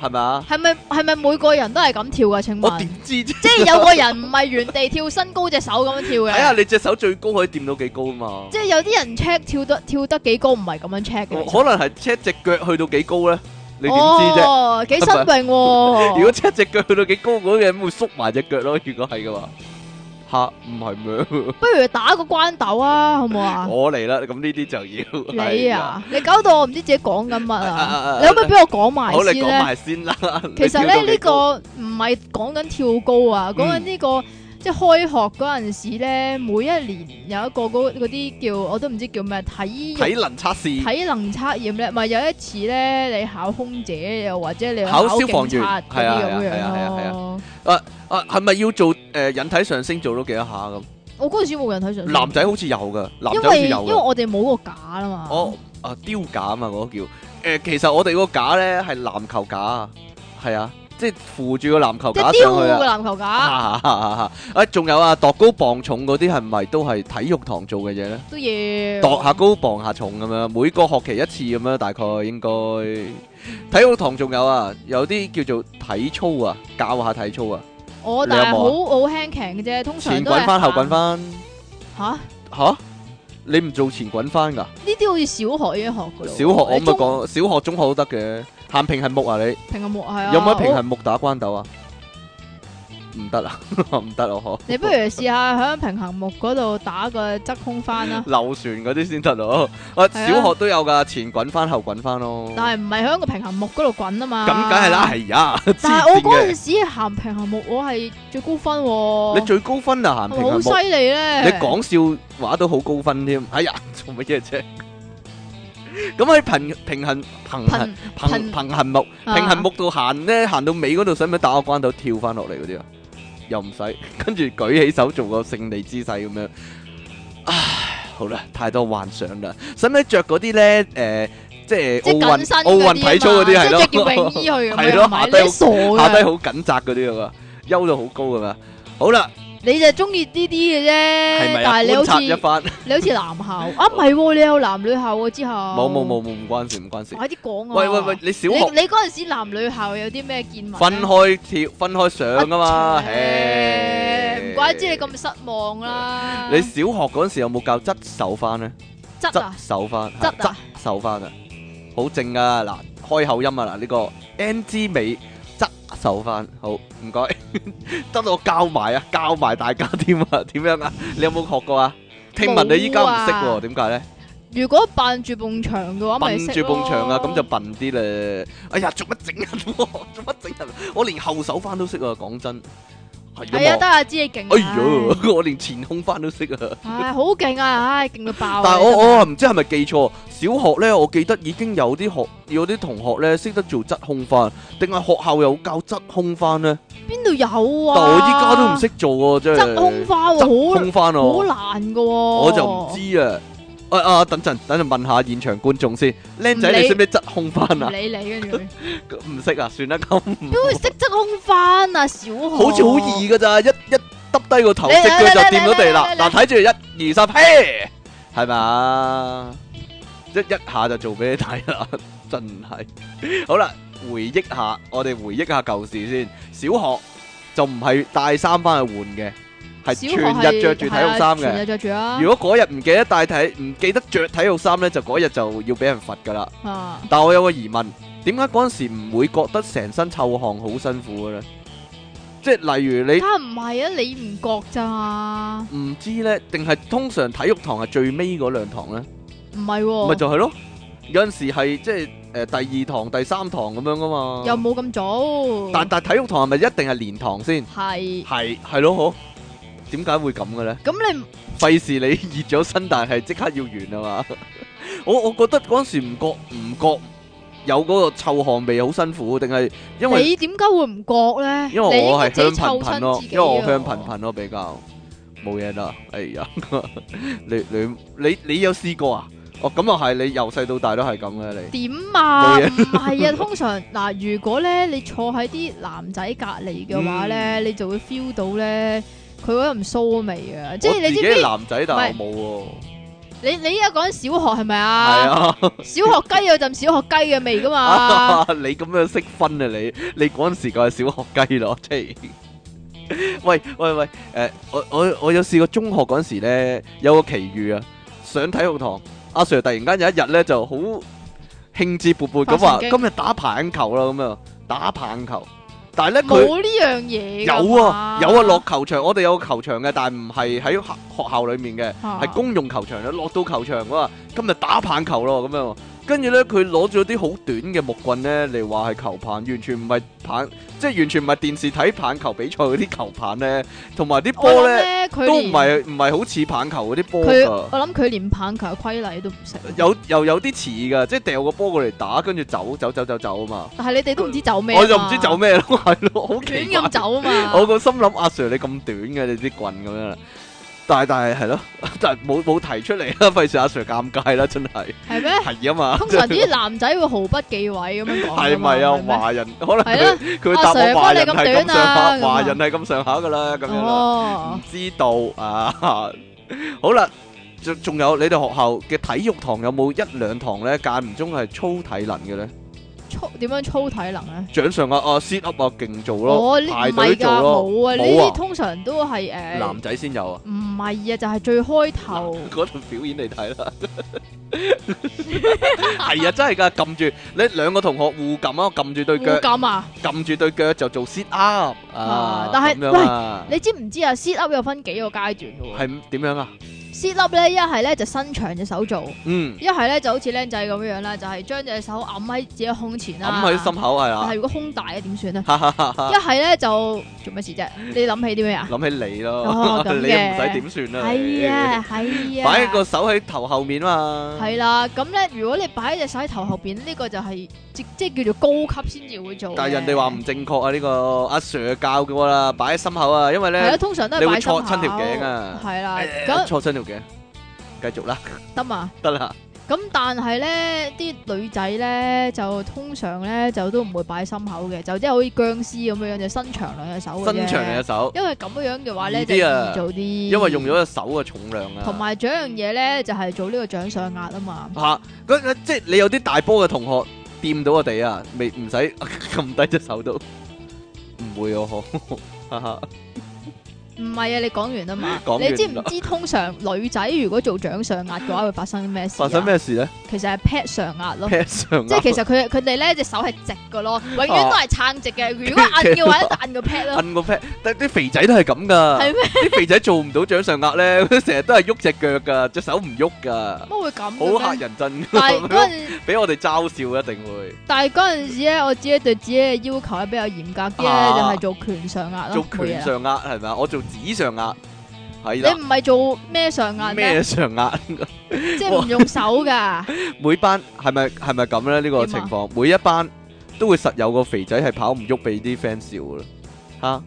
Speaker 1: 係嘛？
Speaker 2: 係咪係咪每個人都係咁跳啊？請問我點
Speaker 1: 知？即係有個人
Speaker 2: 唔係原地跳 (laughs) 身高隻手咁樣跳嘅。睇下、啊、
Speaker 1: 你隻手最高可以掂到幾高啊嘛！即
Speaker 2: 係有啲人 check 跳得跳得幾高，唔係咁樣 check 嘅。可
Speaker 1: 能係 check 隻腳去到幾高咧？你點知啫？幾生病？如果七隻腳去到幾高嗰樣，都會縮埋隻腳咯。如果係嘅話，吓，唔係咩？
Speaker 2: 不如打個關斗啊，好唔好啊？
Speaker 1: 我嚟啦，咁呢啲就要。你呀，
Speaker 2: 你搞到我唔知自己講緊乜啊！你可唔可以俾我講埋先講埋
Speaker 1: 先啦！其實咧呢個
Speaker 2: 唔係講緊跳高啊，講緊呢個。即係開學嗰陣時咧，每一年有一個嗰啲叫我都唔知叫咩體能測試，體能測驗咧，咪 (music) 有一次咧，你考空姐又或者你考，考消防員，係啊係啊係啊係啊，
Speaker 1: 誒啊。係咪、啊啊啊啊啊、要做誒、呃、引體上升做咗幾多下咁？
Speaker 2: 我嗰陣時冇引體上升，男
Speaker 1: 仔好似有噶，因為因為我
Speaker 2: 哋冇個架啦嘛，哦，
Speaker 1: 啊丟架啊嘛嗰叫，誒、呃、其實我哋個架咧係籃球架啊，係啊。即係扶住個籃球架上啦，即吊嘅籃球架。啊仲、 (laughs) 哎、有啊，度高磅重嗰啲係咪都係體育堂做嘅嘢咧？
Speaker 2: 都要度
Speaker 1: 下高磅下重咁樣，每個學期一次咁樣，大概應該。體育堂仲有啊，有啲叫做體操啊，教下體操啊。
Speaker 2: 我但係好好輕鬆嘅啫，通常都係前滾翻後滾翻。
Speaker 1: 吓吓、啊，你唔做前滾翻噶？
Speaker 2: 呢啲好似小學已經學噶，小學我唔係講
Speaker 1: 小學，中學都得嘅。行平衡木啊你，你平衡
Speaker 2: 木係啊，有冇平衡
Speaker 1: 木打關斗啊？唔得我行啊，唔得哦，嗬！你不如試
Speaker 2: 下喺平衡木嗰度打個側空翻啊，
Speaker 1: 流船嗰啲先得咯，我小學都有噶，前滾翻後滾翻咯。但
Speaker 2: 係唔係喺個平衡木嗰度滾啊嘛？咁梗係啦，
Speaker 1: 係啊！但係我嗰陣
Speaker 2: 時行平衡木，我係最高分、啊。你最
Speaker 1: 高分啊，平衡木好犀利咧！呢你講笑話都好高分添、啊。哎呀，做乜嘢啫？ (laughs) 咁喺平平衡平衡平平衡木平衡木度行咧，行到尾嗰度使唔使打個關頭跳翻落嚟嗰啲啊？又唔使，跟住舉起手做個勝利姿勢咁樣。唉，好啦，太多幻想啦，使唔使着嗰啲咧？誒，即係奧運奧運體操嗰啲係咯，即係着泳衣去咁樣，唔係啲傻嘅，下低好緊窄嗰啲啊嘛，高到好高啊嘛，好啦。
Speaker 2: 你就中意啲啲嘅啫，但係你好似你好似男校，啊唔係喎，你有男女校之後，冇
Speaker 1: 冇冇冇唔關事唔關事，快啲
Speaker 2: 講啊！喂喂喂，你小學你嗰陣時男女校有啲咩見聞？分
Speaker 1: 開跳，分開上噶嘛，唔怪之你
Speaker 2: 咁失望啦！你
Speaker 1: 小學嗰陣時有冇教側手翻咧？側手翻側、側手翻啊，好正啊！嗱，開口音啊嗱，呢個 NG 尾。手翻好，唔該，得到我教埋啊，教埋大家添啊，點樣啊？你有冇學過啊？聽聞你依家唔識喎，點解咧？
Speaker 2: 如果扮住埲牆嘅話，咪識咯。扮住埲牆啊，咁
Speaker 1: 就笨啲咧。哎呀，做乜整人？做乜整人？我連後手翻都識啊，講真。係啊，得啊，
Speaker 2: 知你勁。哎呀，
Speaker 1: 我，我連前空翻都識啊、哎、
Speaker 2: 啊！係好勁啊，唉， (laughs) 勁到爆！但係我我唔
Speaker 1: 知係咪記錯，小學咧，我記得已經有啲學有啲同學咧識得做側空翻，定係學校有教側空翻咧？
Speaker 2: 邊度有啊？但我依家都唔
Speaker 1: 識做喎、啊，真係。側空、啊、空翻喎、啊，好，啊、
Speaker 2: 好難嘅、啊。我就唔知
Speaker 1: 啊。誒啊！等陣，等陣問下現場觀眾先。僆仔，你識唔識側空翻啊？唔識啊，算啦咁。
Speaker 2: 邊會識側空翻啊？小學好似好易
Speaker 1: 噶咋，一一耷低個頭，隻腳就掂到地啦。嗱，睇住一二三，誒，係嘛？一一下就做俾你睇啦，真係。好啦，回憶下，我哋回憶下舊事先。小學就唔係帶衫翻去換嘅。係全日着住體育衫嘅。日着住啊、如果嗰日唔記得帶體，唔記得着體育衫咧，就嗰日就要俾人罰噶啦。啊、但係我有個疑問，點解嗰陣時唔會覺得成身臭汗好辛苦嘅咧？即係例如你，唔
Speaker 2: 係啊？你唔覺咋、啊？
Speaker 1: 唔知咧，定係通常體育堂係最尾嗰兩堂咧？
Speaker 2: 唔係喎，咪就
Speaker 1: 係咯。有陣時係即係誒第二堂、第三堂咁樣噶嘛。又
Speaker 2: 冇咁早。但
Speaker 1: 但體育堂係咪一定係連堂先？係係係咯，好。點解會咁嘅咧？咁你費事你熱咗身，但係即刻要完啊嘛。我我覺得嗰時唔覺唔覺有嗰個臭汗味，好辛苦定係？因為？你
Speaker 2: 點解會唔覺咧？因為我係香噴噴咯，因為我香噴
Speaker 1: 噴咯，比較冇嘢啦。哎呀，你你你你有試過啊？哦，咁又係你由細到大都係咁嘅，你點
Speaker 2: 啊？唔係啊，通常嗱，如果咧你坐喺啲男仔隔籬嘅話咧，你就會 feel 到咧。佢嗰陣唔騷味啊，即係你知唔知？我以前男仔，但係我
Speaker 1: 冇喎。
Speaker 2: 你你依家講小學係咪啊？係啊。小學雞有陣小學雞嘅味噶嘛？
Speaker 1: 你咁樣識分啊你？你嗰陣時就係小學雞咯。即係。喂喂喂，誒，我我我有試過中學嗰陣時咧，有個奇遇啊，上體育堂，阿 Sir 突然間有一日咧就好興致勃勃咁話：今日打棒球啦，咁樣打棒球。但係咧，佢冇
Speaker 2: 呢樣嘢。有啊，啊有啊，落
Speaker 1: 球場。我哋有個球場嘅，但係唔係喺學校裡面嘅，係、啊、公用球場啦。落到球場，我話今日打棒球咯，咁樣。跟住咧，佢攞咗啲好短嘅木棍咧嚟話係球棒，完全唔係棒，即係完全唔係電視睇棒球比賽嗰啲球棒咧，同埋啲波咧佢都唔係唔係好似棒球嗰啲波。我諗
Speaker 2: 佢連棒球嘅規例都唔識。有
Speaker 1: 又有啲似噶，即係掉個波過嚟打，跟住走走走走走啊嘛。但
Speaker 2: 係你哋都唔知走咩？我就唔知走
Speaker 1: 咩咯，係咯 (laughs) (laughs) 怪，
Speaker 2: 好短咁走啊嘛。
Speaker 1: (laughs) 我個心諗阿、啊、Sir 你咁短嘅、啊、你啲棍咁樣。但係但係係咯，但係冇冇提出嚟啊！費事阿 Sir 尷尬啦，真係係咩？係啊嗎 (laughs) 嘛，通常啲
Speaker 2: 男仔會毫不忌諱咁樣，係
Speaker 1: 咪啊？華人可能佢佢答我話你咁上下，華人係咁上下噶啦，咁樣啦，唔知道啊！好啦，仲仲有你哋學校嘅體育堂有冇一兩堂咧，間唔中係操體能嘅咧？
Speaker 2: 點樣操體能啊？
Speaker 1: 掌上啊，啊 sit up 啊，勁做咯，排隊做咯，冇啊，呢啲通
Speaker 2: 常都係誒男
Speaker 1: 仔先有啊，
Speaker 2: 唔係啊，就係最開頭
Speaker 1: 嗰套表演嚟睇啦，係啊，真係噶，撳住你兩個同學互撳啊，撳住對腳撳啊，撳住對腳就做 sit up 啊，但係喂，你知
Speaker 2: 唔知啊 sit up 有分幾個階段噶？
Speaker 1: 係點樣啊？
Speaker 2: Sit up 咧，一係咧就伸長隻手做，嗯，一係咧就好似僆仔咁樣啦，就係將隻手揞喺自己胸前啦，揞喺心
Speaker 1: 口係啊，但係如
Speaker 2: 果胸大咧點算啊？
Speaker 1: 一係
Speaker 2: 咧就做乜事啫？你諗起啲咩啊？
Speaker 1: 諗起你咯，你又唔使點算啦，係啊
Speaker 2: 係啊，擺個
Speaker 1: 手喺頭後面吖嘛，係
Speaker 2: 啦。咁咧，如果你擺隻手喺頭後邊，呢個就係即即叫做高級先至會做。但係人哋
Speaker 1: 話唔正確啊！呢個阿 Sir 教嘅啦，擺喺心口啊，因為咧，通常都係擺心口，錯親條頸啊，係啦，咁錯親條。嘅，繼續啦嗎，得嘛行啦，得啦，
Speaker 2: 咁但係咧，啲女仔咧就通常咧就都唔會擺心口嘅，就即係好似僵屍咁樣就伸長兩隻手，伸長兩隻手，因為咁樣嘅話咧就容易做啲，因為
Speaker 1: 用咗一隻手嘅重量啊，同
Speaker 2: 埋仲有一樣嘢咧就係、是、做呢個掌上壓啊嘛，
Speaker 1: 吓，即係你有啲大波嘅同學掂到個地啊，未唔使撳低隻手都唔 (laughs) 會哦、啊，好， (laughs)
Speaker 2: 唔係啊，你講完啊嘛，你知唔知通常女仔如果做掌上壓嘅話，會發生啲咩事？發生咩事咧？其實係 pat 上壓咯，即係其實佢佢哋咧隻手係直嘅咯，永遠都係撐直嘅。如果按嘅話，一按個 pat 咯。按
Speaker 1: 個 pat，啲肥仔都係咁噶，啲肥仔做唔到掌上壓咧，佢成日都係喐隻腳噶，隻手唔喐噶。乜會
Speaker 2: 咁？好嚇人
Speaker 1: 真，但係嗰陣俾我哋嘲笑一定會。
Speaker 2: 但係嗰陣時咧，我自己對自己嘅要求係比較嚴格啲，就係做拳上壓咯，做拳上
Speaker 1: 壓係咪啊？我做。掌上壓，係啦。你
Speaker 2: 唔係做咩上壓咩？上壓，即係唔用手噶。
Speaker 1: 每班係咪係咪咁咧？呢個情況，每一班都會實有個肥仔係跑唔喐俾啲 friend 笑噶啦。吓、啊，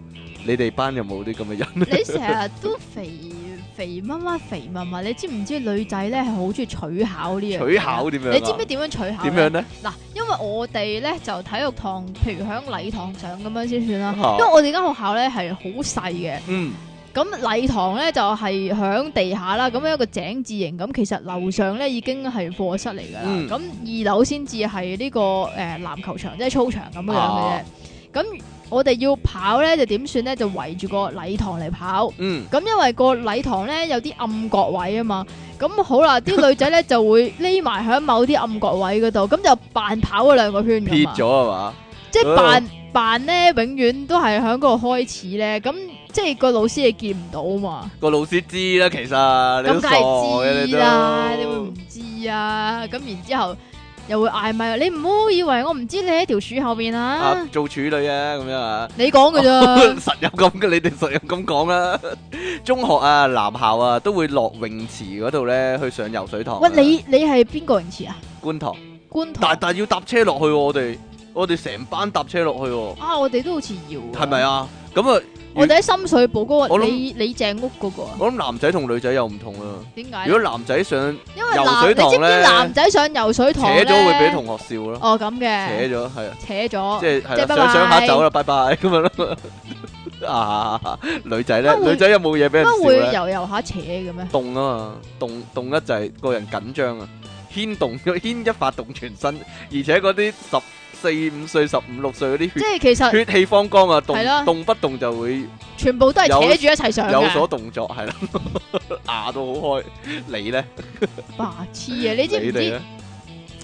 Speaker 1: 你哋班有冇啲咁嘅人？你成日
Speaker 2: 都肥、啊。 (laughs) 肥乜乜肥乜乜，你知唔知女仔咧係好中意取巧呢樣、啊？取巧點樣？你知唔知點樣取巧？點樣咧？嗱，因為我哋咧就體育堂，譬如喺禮堂上咁樣先算啦。啊、因為我哋間學校咧係好細嘅。嗯。咁禮堂咧就係喺地下啦，咁樣一個井字形。咁其實樓上咧已經係課室嚟㗎啦。嗯。咁二樓先至係呢個誒、呃、籃球場，即、就、係、是、操場咁樣嘅啫。咁、啊啊。我哋要跑咧，就點算咧？就圍住個禮堂嚟跑。嗯，咁因為個禮堂咧有啲暗角位啊嘛。咁好啦，啲女仔咧 (laughs) 就會匿埋喺某啲暗角位嗰度，咁就扮跑嗰兩個圈嘅咗
Speaker 1: 啊嘛！即係扮
Speaker 2: 扮咧，永遠都係喺個開始咧。咁即係個老師係見唔到嘛？
Speaker 1: 個老師知啦，其實你梗係知啦，你會唔
Speaker 2: 知啊？咁、啊、然之後。又會捱咪，你唔好以為我唔知你喺條樹後邊啊，啊！
Speaker 1: 做處女啊，咁樣啊！你講嘅啫， (laughs) 實有咁嘅，你哋實有咁講啦。 (laughs) 中學啊，男校啊，都會落泳池嗰度咧，去上游水堂。喂，你
Speaker 2: 你係邊個泳池啊？觀塘。觀塘。
Speaker 1: 但但要搭車落去，啊，我哋我哋成班搭車落去啊。
Speaker 2: 啊，我哋都好似搖。
Speaker 1: 係咪啊？咁啊！我
Speaker 2: 哋喺深水埗嗰個李李鄭屋嗰個
Speaker 1: 啊。我諗男仔同女仔又唔同啊。點解？如果男仔上游水堂咧，男仔
Speaker 2: 上游水堂扯咗會俾同
Speaker 1: 學笑咯。哦，咁嘅。扯咗係啊。扯咗。即係上上下走啦，拜拜咁樣咯。啊！女仔咧，女仔有冇嘢俾人笑咧？會游
Speaker 2: 游下扯嘅
Speaker 1: 咩？凍啊嘛，凍，凍得就係，個人緊張啊，牽動，牽一髮動全身，而且嗰啲十。四五歲、十五六歲嗰啲血，即係其實血氣方剛啊，動啊動不動就會全部都係扯住一齊上，有所動作係啦。啊、 (laughs) 牙都好開。你咧？ (laughs) 白痴啊！你知唔知？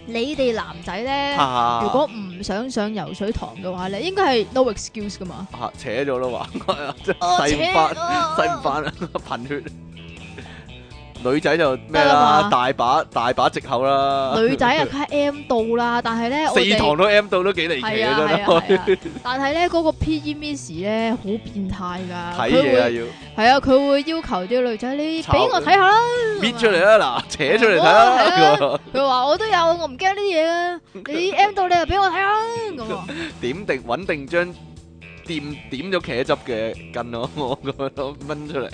Speaker 2: 你哋呢男仔咧，啊、如果唔想上游水堂嘅話咧，應該係 no excuse 噶嘛？
Speaker 1: 嚇、啊，扯咗啦嘛，使唔翻使唔翻貧血？女仔就咩啦，大把大把藉口啦。女仔啊，
Speaker 2: 係 M 到啦，但係咧四堂
Speaker 1: 都 M 到都幾離奇啊！真係。
Speaker 2: 但係咧嗰個 PE Miss 咧好變態㗎。睇嘢啊要。係啊，佢會要求啲女仔你俾我睇下啦。
Speaker 1: 搣出嚟啊嗱，扯出嚟睇啦。
Speaker 2: 佢話：我都有，我唔驚呢啲嘢啊。你 M 到你又俾我睇下。
Speaker 1: 點定穩定將？掂點咗茄汁嘅筋咯，啊，我咁樣掹出嚟，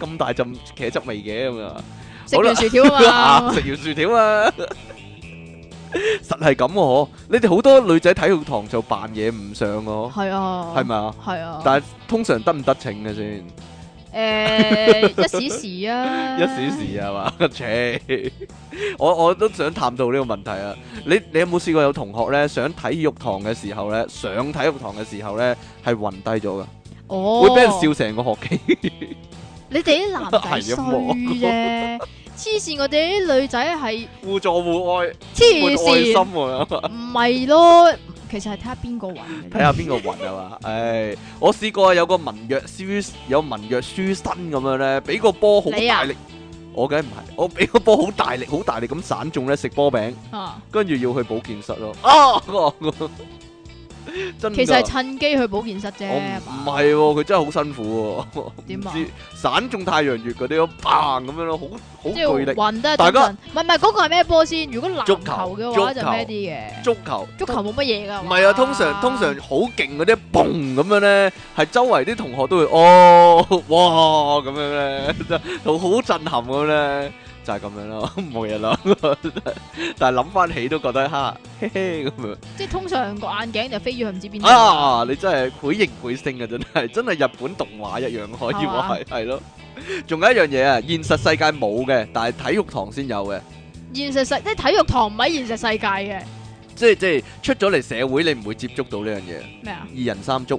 Speaker 1: 咁 (laughs) 大陣茄汁味嘅咁啊！
Speaker 2: 食完薯條 (laughs) 啊嘛食完薯條啊嘛，
Speaker 1: (laughs) 實係咁喎，你哋好多女仔體育堂就扮嘢唔上喎，係啊，係咪吧啊？係啊，但係通常得唔得逞嘅先？
Speaker 2: 誒，uh, (laughs)
Speaker 1: 一小時啊，一小時啊嘛？我我都想探討呢個問題啊！你你有冇試過有同學咧上體育堂嘅時候咧上體育堂嘅時候咧係暈低咗噶？
Speaker 2: 哦，oh. 會俾人笑成個學期。 (laughs) 你哋啲男仔心啫，黐線的！ (laughs) 我哋啲女仔係
Speaker 1: 互助互愛，黐線，唔
Speaker 2: 係 (laughs) 咯。其實係
Speaker 1: 睇下邊個暈，睇下邊個暈係嘛？唉，我試過有個文弱書有文弱書生咁樣咧，俾個波好大力，啊、我梗唔係，我俾個波好大力，好大力咁散中咧食波餅，跟住、uh. 要去保健室咯。啊 (laughs) 其實係趁
Speaker 2: 機去保健室啫，唔
Speaker 1: 係佢真係好辛苦。點知散中太陽穴嗰啲，砰咁樣咯，好好累力。大家
Speaker 2: 唔係唔係嗰個係咩波先？如果籃球嘅話就咩啲嘅？
Speaker 1: 足球足
Speaker 2: 球冇乜嘢噶。唔
Speaker 1: 係啊，通常通常好勁嗰啲，嘣咁樣咧，係周圍啲同學都會哦哇咁樣咧，好震撼咁咧。就係咁樣咯，冇嘢諗，但係諗翻起都覺得黑，咁樣。
Speaker 2: 即係通常個眼鏡就飛咗去唔知邊度。啊，啊
Speaker 1: 你真係繪形繪聲嘅真係，真係日本動畫一樣可以話係係咯。仲有一樣嘢啊，現實世界冇嘅，但係體育堂先有嘅。
Speaker 2: 現實世，即係體育堂唔係現實世界嘅。
Speaker 1: 即係即係出咗嚟社會，你唔會接觸到呢樣嘢。咩啊？二人三足。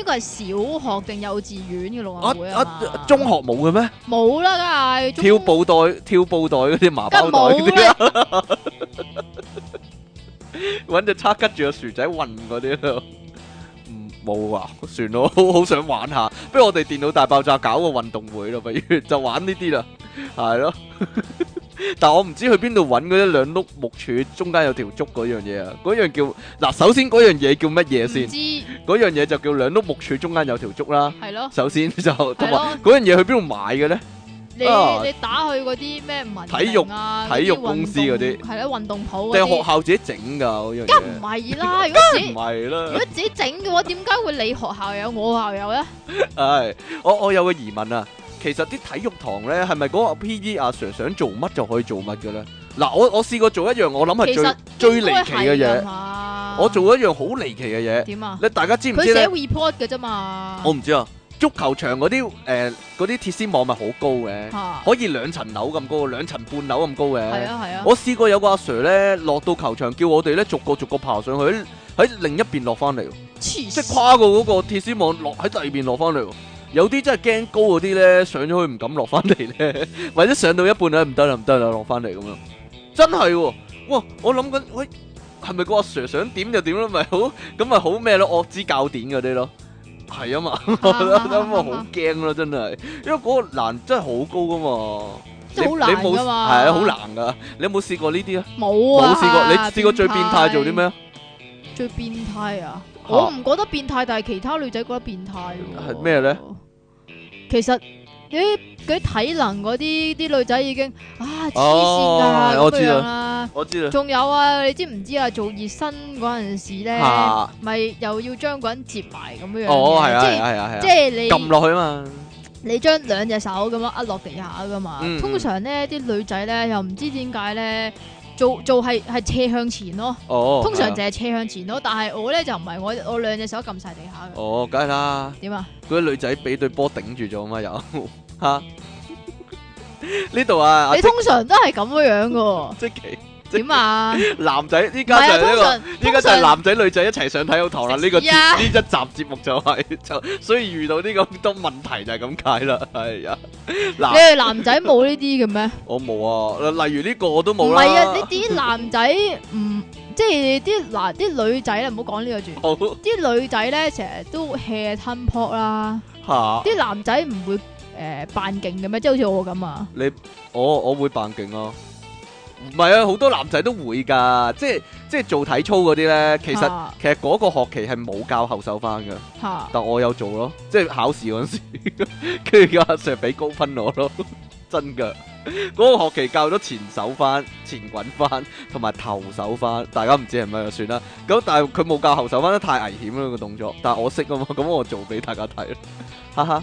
Speaker 2: 呢個係小學定幼稚園嘅運動會
Speaker 1: 啊？中學冇嘅咩？
Speaker 2: 冇啦，梗係跳
Speaker 1: 布袋、跳布袋嗰啲麻包袋，搵隻叉拮住個薯仔運嗰啲咯。嗯，冇啊，算咯，好好想玩下。不如我哋電腦大爆炸搞個運動會咯，不如就玩呢啲啦，係咯。但我唔知去邊度搵嗰啲兩碌木柱中間有條竹嗰樣嘢啊，嗰樣叫嗱，首先嗰樣嘢叫乜嘢先？嗰知樣嘢就叫兩碌木柱中間有條竹啦。係是咯。首先就同埋嗰樣嘢去邊度買嘅咧？你、啊、你
Speaker 2: 打去嗰啲咩文、啊、體育啊體育公司嗰啲？係啦，運、啊、動鋪定係學校
Speaker 1: 自己整噶嗰樣？梗唔
Speaker 2: 係啦，梗
Speaker 1: 唔係啦。如果
Speaker 2: 自己整嘅話，點解會你學校有我學校有咧？
Speaker 1: 係、 (laughs) 哎，我我有個疑問啊。其實啲體育堂咧，係咪嗰個 P.E. 阿、啊、Sir 想做乜就可以做乜嘅咧？嗱、啊，我我試過做一樣，我諗係最最離奇嘅嘢。我做一樣好離奇嘅嘢。點啊樣？你大家知唔知？佢
Speaker 2: 寫 report 嘅啫嘛。我
Speaker 1: 唔知啊。足球場嗰啲誒啲鐵絲網咪好高嘅，啊、可以兩層樓咁高，兩層半樓咁高嘅。係啊係啊。啊我試過有個阿 Sir 咧，落到球場叫我哋咧逐，逐個逐個爬上去，喺另一邊落翻嚟，神 即係跨過嗰個鐵絲網落喺第二邊落翻嚟。有啲真係驚高嗰啲咧，上咗去唔敢落翻嚟咧，或者上到一半咧唔得啦唔得啦落翻嚟咁樣，真係喎！哇！我諗緊喂，係咪個阿 Sir 想點就點咯？咪好咁咪好咩咯？惡之教典嗰啲咯，係啊嘛，咁啊好驚咯真係，因為嗰個欄真係好高㗎嘛，難啊、你你冇係啊好、啊、難㗎，你有冇試過呢啲啊？冇啊，冇試過，你試過最變態做啲咩啊？
Speaker 2: 最變態啊！我唔覺得變態，但係其他女仔覺得變態。係咩咧？其實，誒，嗰啲體能嗰啲啲女仔已經啊，黐線噶咁樣啦。
Speaker 1: 我知啦。仲
Speaker 2: 有啊，你知唔知啊？做熱身嗰陣時咧，咪、啊、又要將個人折埋咁樣。哦，係啊，係、即係、啊，係啊。即係、啊啊、你撳落去啊嘛。你將兩隻手咁樣壓落地下噶嘛。
Speaker 1: 嗯嗯、通常
Speaker 2: 咧，啲女仔咧又唔知點解咧。做做係係斜向前咯，
Speaker 1: 哦、通常淨
Speaker 2: 係斜向前咯，嗯、但係我咧、嗯、就唔係，我我兩隻手撳晒地下
Speaker 1: 嘅。哦，梗係啦。點啊？嗰個女仔俾對波頂住咗啊嘛又吓，呢度 (laughs) (laughs) 啊。你通
Speaker 2: 常都係咁樣嘅、啊。 (laughs) 積淇 極。 (laughs) 點啊！
Speaker 1: 男仔依家就係呢個，依家就係男仔女仔一齊上體育堂啦。呢屎、啊、個呢 (laughs) 一集節目就係、是、就，所以遇到呢咁多問題就係咁解啦。係啊，你哋男仔
Speaker 2: 冇呢啲嘅咩？
Speaker 1: (laughs) 我冇啊，例如呢個我都冇啦。唔
Speaker 2: 係啊，呢啲男仔唔即係啲嗱啲女仔咧，唔好講呢個住。啲女仔咧成日都氣吞 p 啦。
Speaker 1: 吓！啲男
Speaker 2: 仔唔會誒扮勁嘅咩？即係好似我咁啊？你
Speaker 1: 我、啊、你我，我，我，我會扮勁啊！唔係啊，好多男仔都會噶，即係即係做體操嗰啲咧。其實哈 其實嗰個學期係冇教後手翻嘅，哈 但我有做咯，即係考試嗰時，跟住阿 sir 俾高分我咯，真噶。嗰 (laughs) 個學期教咗前手翻、前滾翻同埋頭手翻，大家唔知係咩就算啦。咁但係佢冇教後手翻，這個、太危險啦個動作。但係我識啊嘛，咁我做俾大家睇啦，哈哈。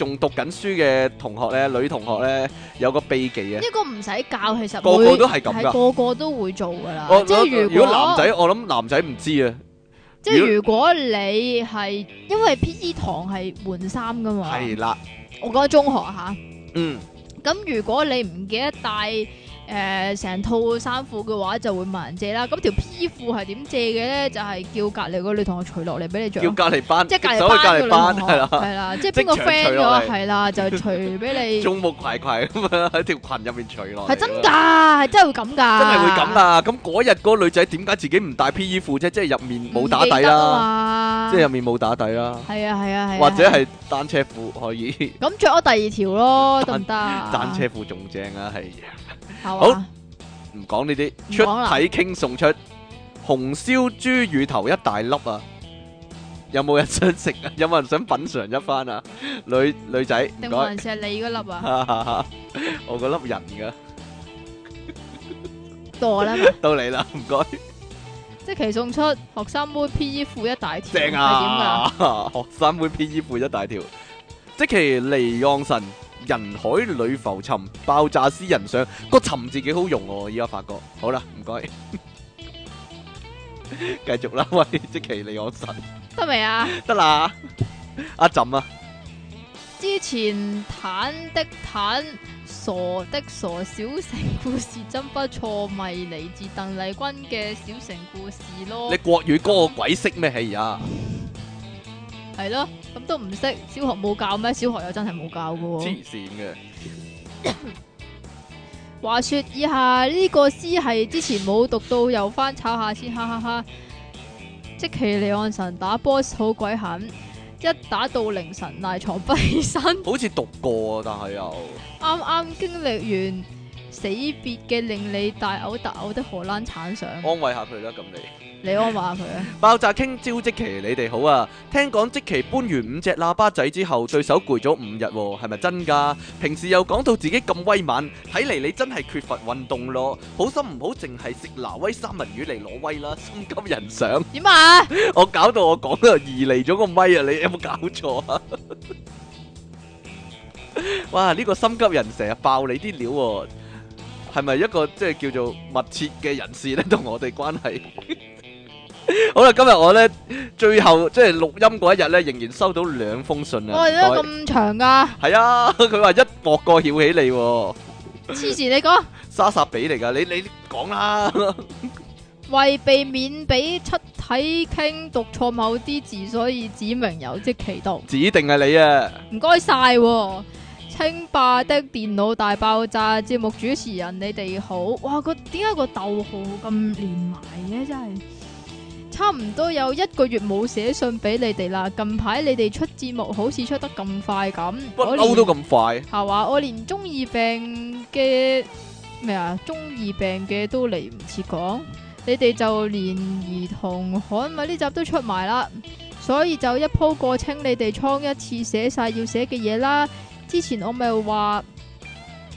Speaker 1: 仲讀緊書嘅同學咧，女同學咧有個秘技啊！呢
Speaker 2: 個唔使教，其實個個都係咁噶，個個都會做噶啦。我即係如,如果男仔，我
Speaker 1: 諗男仔唔知啊。即係如
Speaker 2: 果你係果因為 P. E. 堂係換衫噶嘛，係啦的。我覺得中學嚇，嗯。咁如果你唔記得帶，誒成套衫褲嘅話就會問人借啦，咁條 PE 褲係點借嘅咧？就係叫隔離嗰個女同學除落嚟俾你著。叫隔離班，即係隔離班嘅同學。係啦，即係邊個 friend 咗？係啦，就係除俾你。眾
Speaker 1: 目睽睽咁樣喺條裙入面除落嚟。係真㗎，係
Speaker 2: 真係會咁㗎。真係會咁
Speaker 1: 啊！咁嗰日嗰個女仔點解自己唔帶 PE 褲啫？即係入面冇打底啦，即係入面冇打底啦。係啊
Speaker 2: 係啊係啊。或者係
Speaker 1: 單車褲可以。
Speaker 2: 咁著咗第二條咯，得唔得？單車
Speaker 1: 褲仲正啊，係。好，唔講呢啲，出體 king 送出紅燒豬魚頭一大粒啊！有冇人想食？有冇人想品嘗一番啊？女女仔，定還是係你嗰粒啊？我嗰粒人噶，
Speaker 2: 到我啦，
Speaker 1: 到你啦，唔該。
Speaker 2: 積淇送出學生妹 P. E. 褲一大條，正啊！
Speaker 1: 學生妹 P. E. 褲一大條，積淇離岸神。人海裏浮沉，爆炸詩人上個沉字幾好用哦，依家發覺。好啦，唔該，繼 (laughs) 續啦，喂，即其你我神得未啊？得啦，阿朕啊！
Speaker 2: 之前坦的坦，傻的傻，小城故事真不錯，咪嚟自鄧麗君嘅《小城故事》咯。你
Speaker 1: 國語歌個鬼識咩？係啊？嗯 (laughs)
Speaker 2: 係咯，咁都唔識，小學冇教咩？小學又真係冇教噶喎。黐線嘅。話說以下呢、這個詩係之前冇讀到，又翻炒下先，哈哈哈！積淇離岸神打 boss 好鬼狠，一打到凌晨賴床不起身。
Speaker 1: 好似讀過，但係又。
Speaker 2: 啱啱經歷完死別嘅令你大嘔大嘔的荷蘭橙想，安
Speaker 1: 慰下佢啦，咁你。你安話佢啊？爆炸傾朝積淇，你哋好啊！聽講積淇搬完五隻喇叭仔之後，對手攰咗五日，係咪真噶？平時又講到自己咁威猛，睇嚟你真係缺乏運動咯。好心唔好淨係食挪威三文魚嚟攞威啦，心急人想點啊？我搞到我講到移嚟咗個麥啊！你有冇搞錯啊？哇！呢個心急人成日爆你啲料，係咪一個即係叫做密切嘅人士咧？同我哋關係？好啦，今日我咧最後即係錄音嗰一日咧，仍然收到兩封信啊！我哋都咁長噶，係啊！佢話一博個囂起嚟，黐線你講莎莎比嚟噶，你你講啦。
Speaker 2: (laughs) 為避免俾出體 King 讀錯某啲字，所以指明由積淇讀。
Speaker 1: 指定係你啊！唔
Speaker 2: 該晒，清霸的電腦大爆炸節目主持人你，你哋好哇？個點解個逗號咁連埋嘅真係？差唔多有一個月冇寫信俾你哋啦，近排你哋出節目好似出得咁快咁，我嬲都咁快，係話、啊、我連中二病嘅咩啊，中二病嘅都嚟唔切講，你哋就連兒童刊咪呢集都出埋啦，所以就一鋪過清你哋倉一次寫晒要寫嘅嘢啦。之前我咪話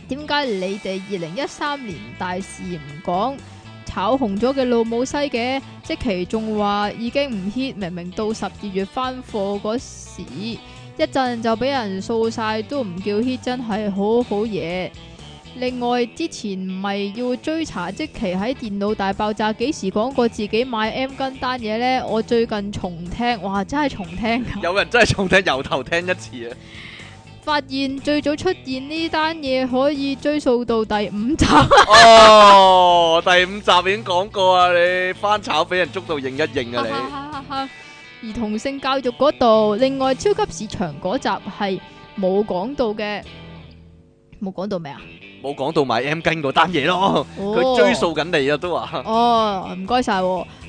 Speaker 2: 點解你哋二零一三年大事唔講？「炒紅咗嘅老母西嘅，即期仲話已經唔 hit。明明到十二月翻貨嗰時，一陣就俾人掃晒，都唔叫 hit。真係好好嘢。另外之前咪要追查即期喺電腦大爆炸幾時講過自己買 M 跟單嘢呢？我最近重聽，哇真係重， (laughs) 重聽，
Speaker 1: 有人真係重聽由頭聽一次啊！ (laughs)
Speaker 2: 發現最早出現呢單嘢可以追溯到第五集 (laughs) 哦，
Speaker 1: 第五集已經講過啊，你翻炒俾人捉到認一認啊 (laughs) 你。
Speaker 2: (laughs) 兒童性教育嗰度，另外超級市場嗰集係冇講到嘅，冇講到咩啊？
Speaker 1: 冇講到買 M 巾嗰單嘢咯，佢追溯緊你啊，都話。哦，
Speaker 2: 唔該晒。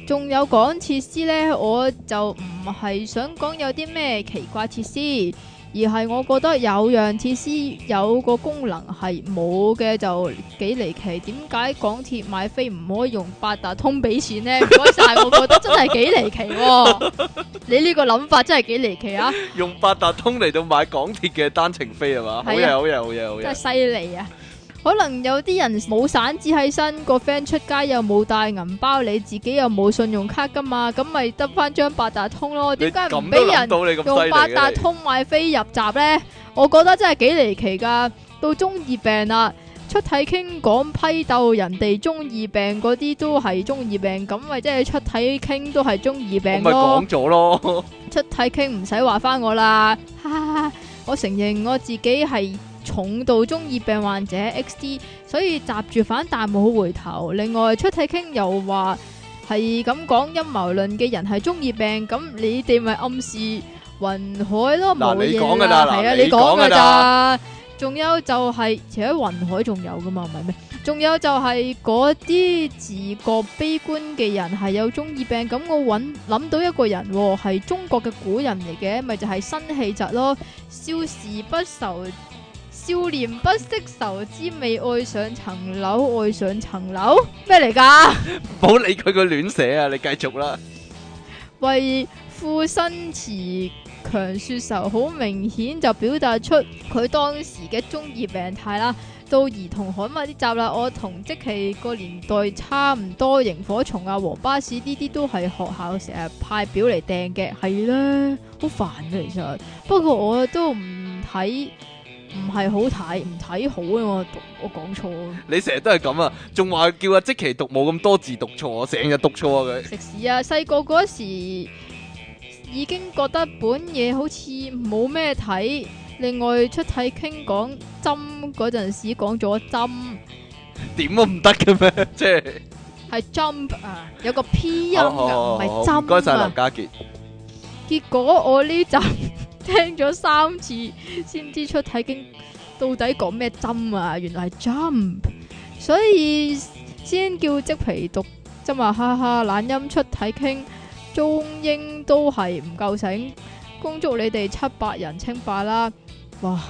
Speaker 2: 仲有講設施呢？我就唔係想講有啲咩奇怪設施。而係我覺得有樣設施有個功能係冇嘅就幾離奇。點解港鐵買飛唔可以用八達通俾錢呢？唔該曬，我覺得真係幾離奇喎、哦！ (laughs) 你呢個諗法真係幾離奇啊！
Speaker 1: (laughs) 用八達通嚟到買港鐵嘅單程飛係嘛？好嘢好嘢好嘢好嘢！真係
Speaker 2: 犀利啊！可能有啲人冇散紙喺身，個 friend 出街又冇帶銀包，你自己又冇信用卡噶嘛，咁咪得翻張八達通咯。點解唔俾人用八達通買飛入閘呢？我覺得真係幾離奇噶。到中二病啦，出體傾講批鬥人哋中二病嗰啲都係中二病，咁咪即係出體傾都係中二病咯。講咗
Speaker 1: 咯。
Speaker 2: 出體傾唔使話翻我啦，我承認我自己係。重度中二病患者 XD，所以閘住反彈冇回頭。另外出體 king 又話係咁講陰謀論嘅人係中二病，咁你哋咪暗示云海咯？冇嘢，你講噶啦，係啊對，你講噶咋？仲有就係除咗云海仲有噶嘛？唔係咩？仲有就係嗰啲自覺悲觀嘅人係有中二病，咁我揾諗到一個人係中國嘅古人嚟嘅，咪就係、是、辛棄疾咯，消事不愁。少年不識愁滋味，愛上層樓，愛上層樓，咩嚟噶？
Speaker 1: 唔好理佢個亂寫啊！你繼續啦。
Speaker 2: 為賦新詞強說愁，好明顯就表達出佢當時嘅中二病態啦。到兒童刊物啲集啦，我同即係個年代差唔多，螢火蟲啊、黃巴士呢啲都係學校成日派表嚟訂嘅，係啦，好煩嘅其實。不過我都唔睇。唔係好睇，唔睇好啊嘛！我我講錯。
Speaker 1: 你成日都係咁啊，仲話叫阿積淇讀冇咁多字讀錯，成日讀錯佢啊。食屎
Speaker 2: 啊！細個嗰時已經覺得本嘢好似冇咩睇。另外出體，傾 (laughs) 講 jump 嗰陣時講咗 jump，
Speaker 1: 點都唔得嘅咩？即係
Speaker 2: 係 jump 啊，有個 P 音噶，唔係 jump。唔該晒劉家杰。結果我呢集。 (laughs) 聽咗三次先知出體經到底講咩針啊？原來係 jump，所以先叫即皮讀針啊，哈哈，懶音出體經中英都係唔夠醒，恭祝你哋七百人稱霸啦，哇，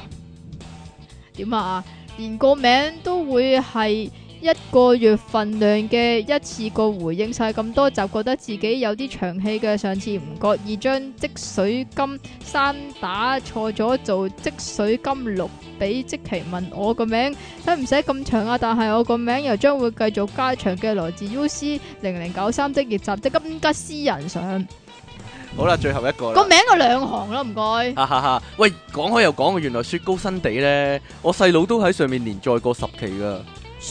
Speaker 2: 點啊？連個名都會係。一個月份量嘅一次過回應晒咁多，就覺得自己有啲長氣嘅。上次唔覺意將積水金三打錯咗，錯做積水金六俾積淇問我個名，使唔使咁長啊？但係我個名又將會繼續加長嘅，來自 U C 零零九三職業集，即今家私人上
Speaker 1: 好啦，最後一個，嗯那個名有
Speaker 2: 兩行啦，唔該。
Speaker 1: 哈哈哈！喂，講開又講，原來雪糕新地呢，我細佬都喺上面連載過十期噶。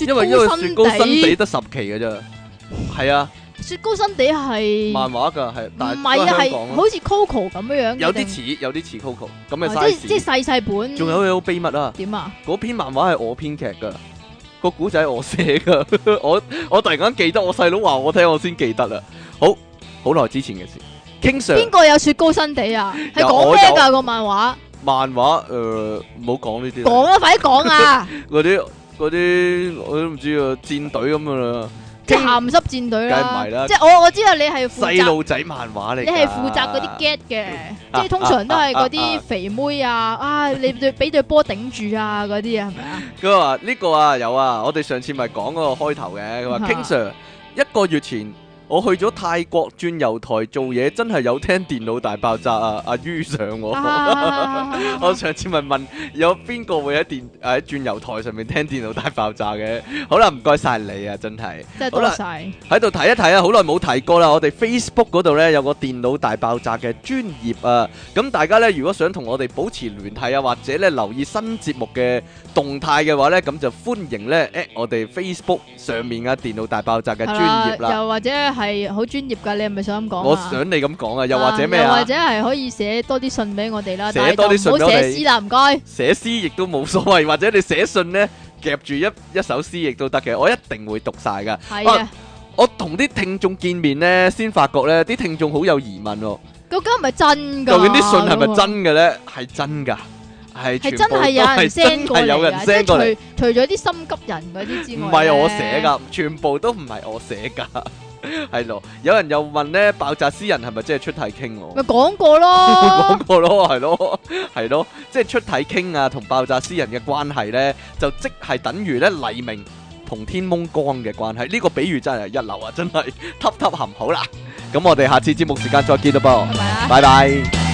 Speaker 1: 因為因為雪糕新地得十期嘅啫，係啊，
Speaker 2: 雪糕新地係漫
Speaker 1: 畫噶係，唔係係好似
Speaker 2: Coco 咁樣樣，有啲似
Speaker 1: 有啲似 Coco 咁嘅 size，即係細
Speaker 2: 細本，仲有個
Speaker 1: 秘密啊。點啊？嗰篇漫畫係我編劇噶，個古仔我寫噶，我我突然間記得，我細佬話我聽，我先記得啦。好，好耐之前嘅事，傾邊個
Speaker 2: 有雪糕新地啊？係講咩噶個漫畫？
Speaker 1: 漫畫誒，唔好講呢啲，講
Speaker 2: 啊，快啲講啊，
Speaker 1: 嗰啲。嗰啲我都唔知啊，戰隊咁噶啦，
Speaker 2: 即鹹濕戰隊啦，梗係唔係啦，即我我知道你係細路
Speaker 1: 仔漫畫嚟，啊，你係負責嗰啲
Speaker 2: get 嘅，啊、即通常都係嗰啲肥妹啊，啊，啊，啊你對俾對波頂住啊嗰啲，這個，啊，
Speaker 1: 係咪啊？佢話呢個啊有啊，我哋上次咪講嗰個開頭嘅，佢話 King (laughs) Sir 一個月前。我去咗泰國轉油台做嘢，真係有聽《電腦大爆炸》啊！阿于上我，啊、 (laughs) 我上次問問、啊、有邊個會喺電誒喺轉油台上面聽《電腦大爆炸》嘅？好啦，唔該晒你啊，真係，真好啦，喺度睇一睇啊，好耐冇睇過啦。我哋 Facebook 嗰度呢，有個《電腦大爆炸》嘅專頁啊，咁大家呢，如果想同我哋保持聯繫啊，或者呢，留意新節目嘅動態嘅話呢，咁就歡迎呢。誒我哋 Facebook 上面啊《嗯、電腦大爆炸》嘅專頁啦，又、啊、
Speaker 2: 或者。係好專業噶，你係咪想咁講？我想
Speaker 1: 你咁講啊，又或者咩啊？又或者
Speaker 2: 係可以寫多啲信俾我哋啦，寫多啲信俾我哋。唔好寫詩啦，唔該。
Speaker 1: 寫詩亦都冇所謂，或者你寫信咧，夾住一一首詩亦都得嘅。我一定會讀晒噶。係啊。我同啲聽眾見面咧，先發覺咧，啲聽眾好有疑問哦。
Speaker 2: 究竟唔係真噶？究竟啲信係咪真
Speaker 1: 嘅咧？係真噶，係全部都係真係有人 send 過嚟。
Speaker 2: 除除咗啲心急人嗰啲之外咧，唔係我寫噶，
Speaker 1: 全部都唔係我寫噶。係咯，有人又問咧，爆炸詩人係咪真係出體傾喎？咪
Speaker 2: 講 (laughs) 過咯，
Speaker 1: 講過咯，係咯，係咯，即係出體傾啊，同爆炸詩人嘅關係咧，就即係等於咧，黎明同天濛光嘅關係。呢、這個比喻真係一流啊，真係吸吸含好啦。咁我哋下次節目時間再見咯噃，拜拜。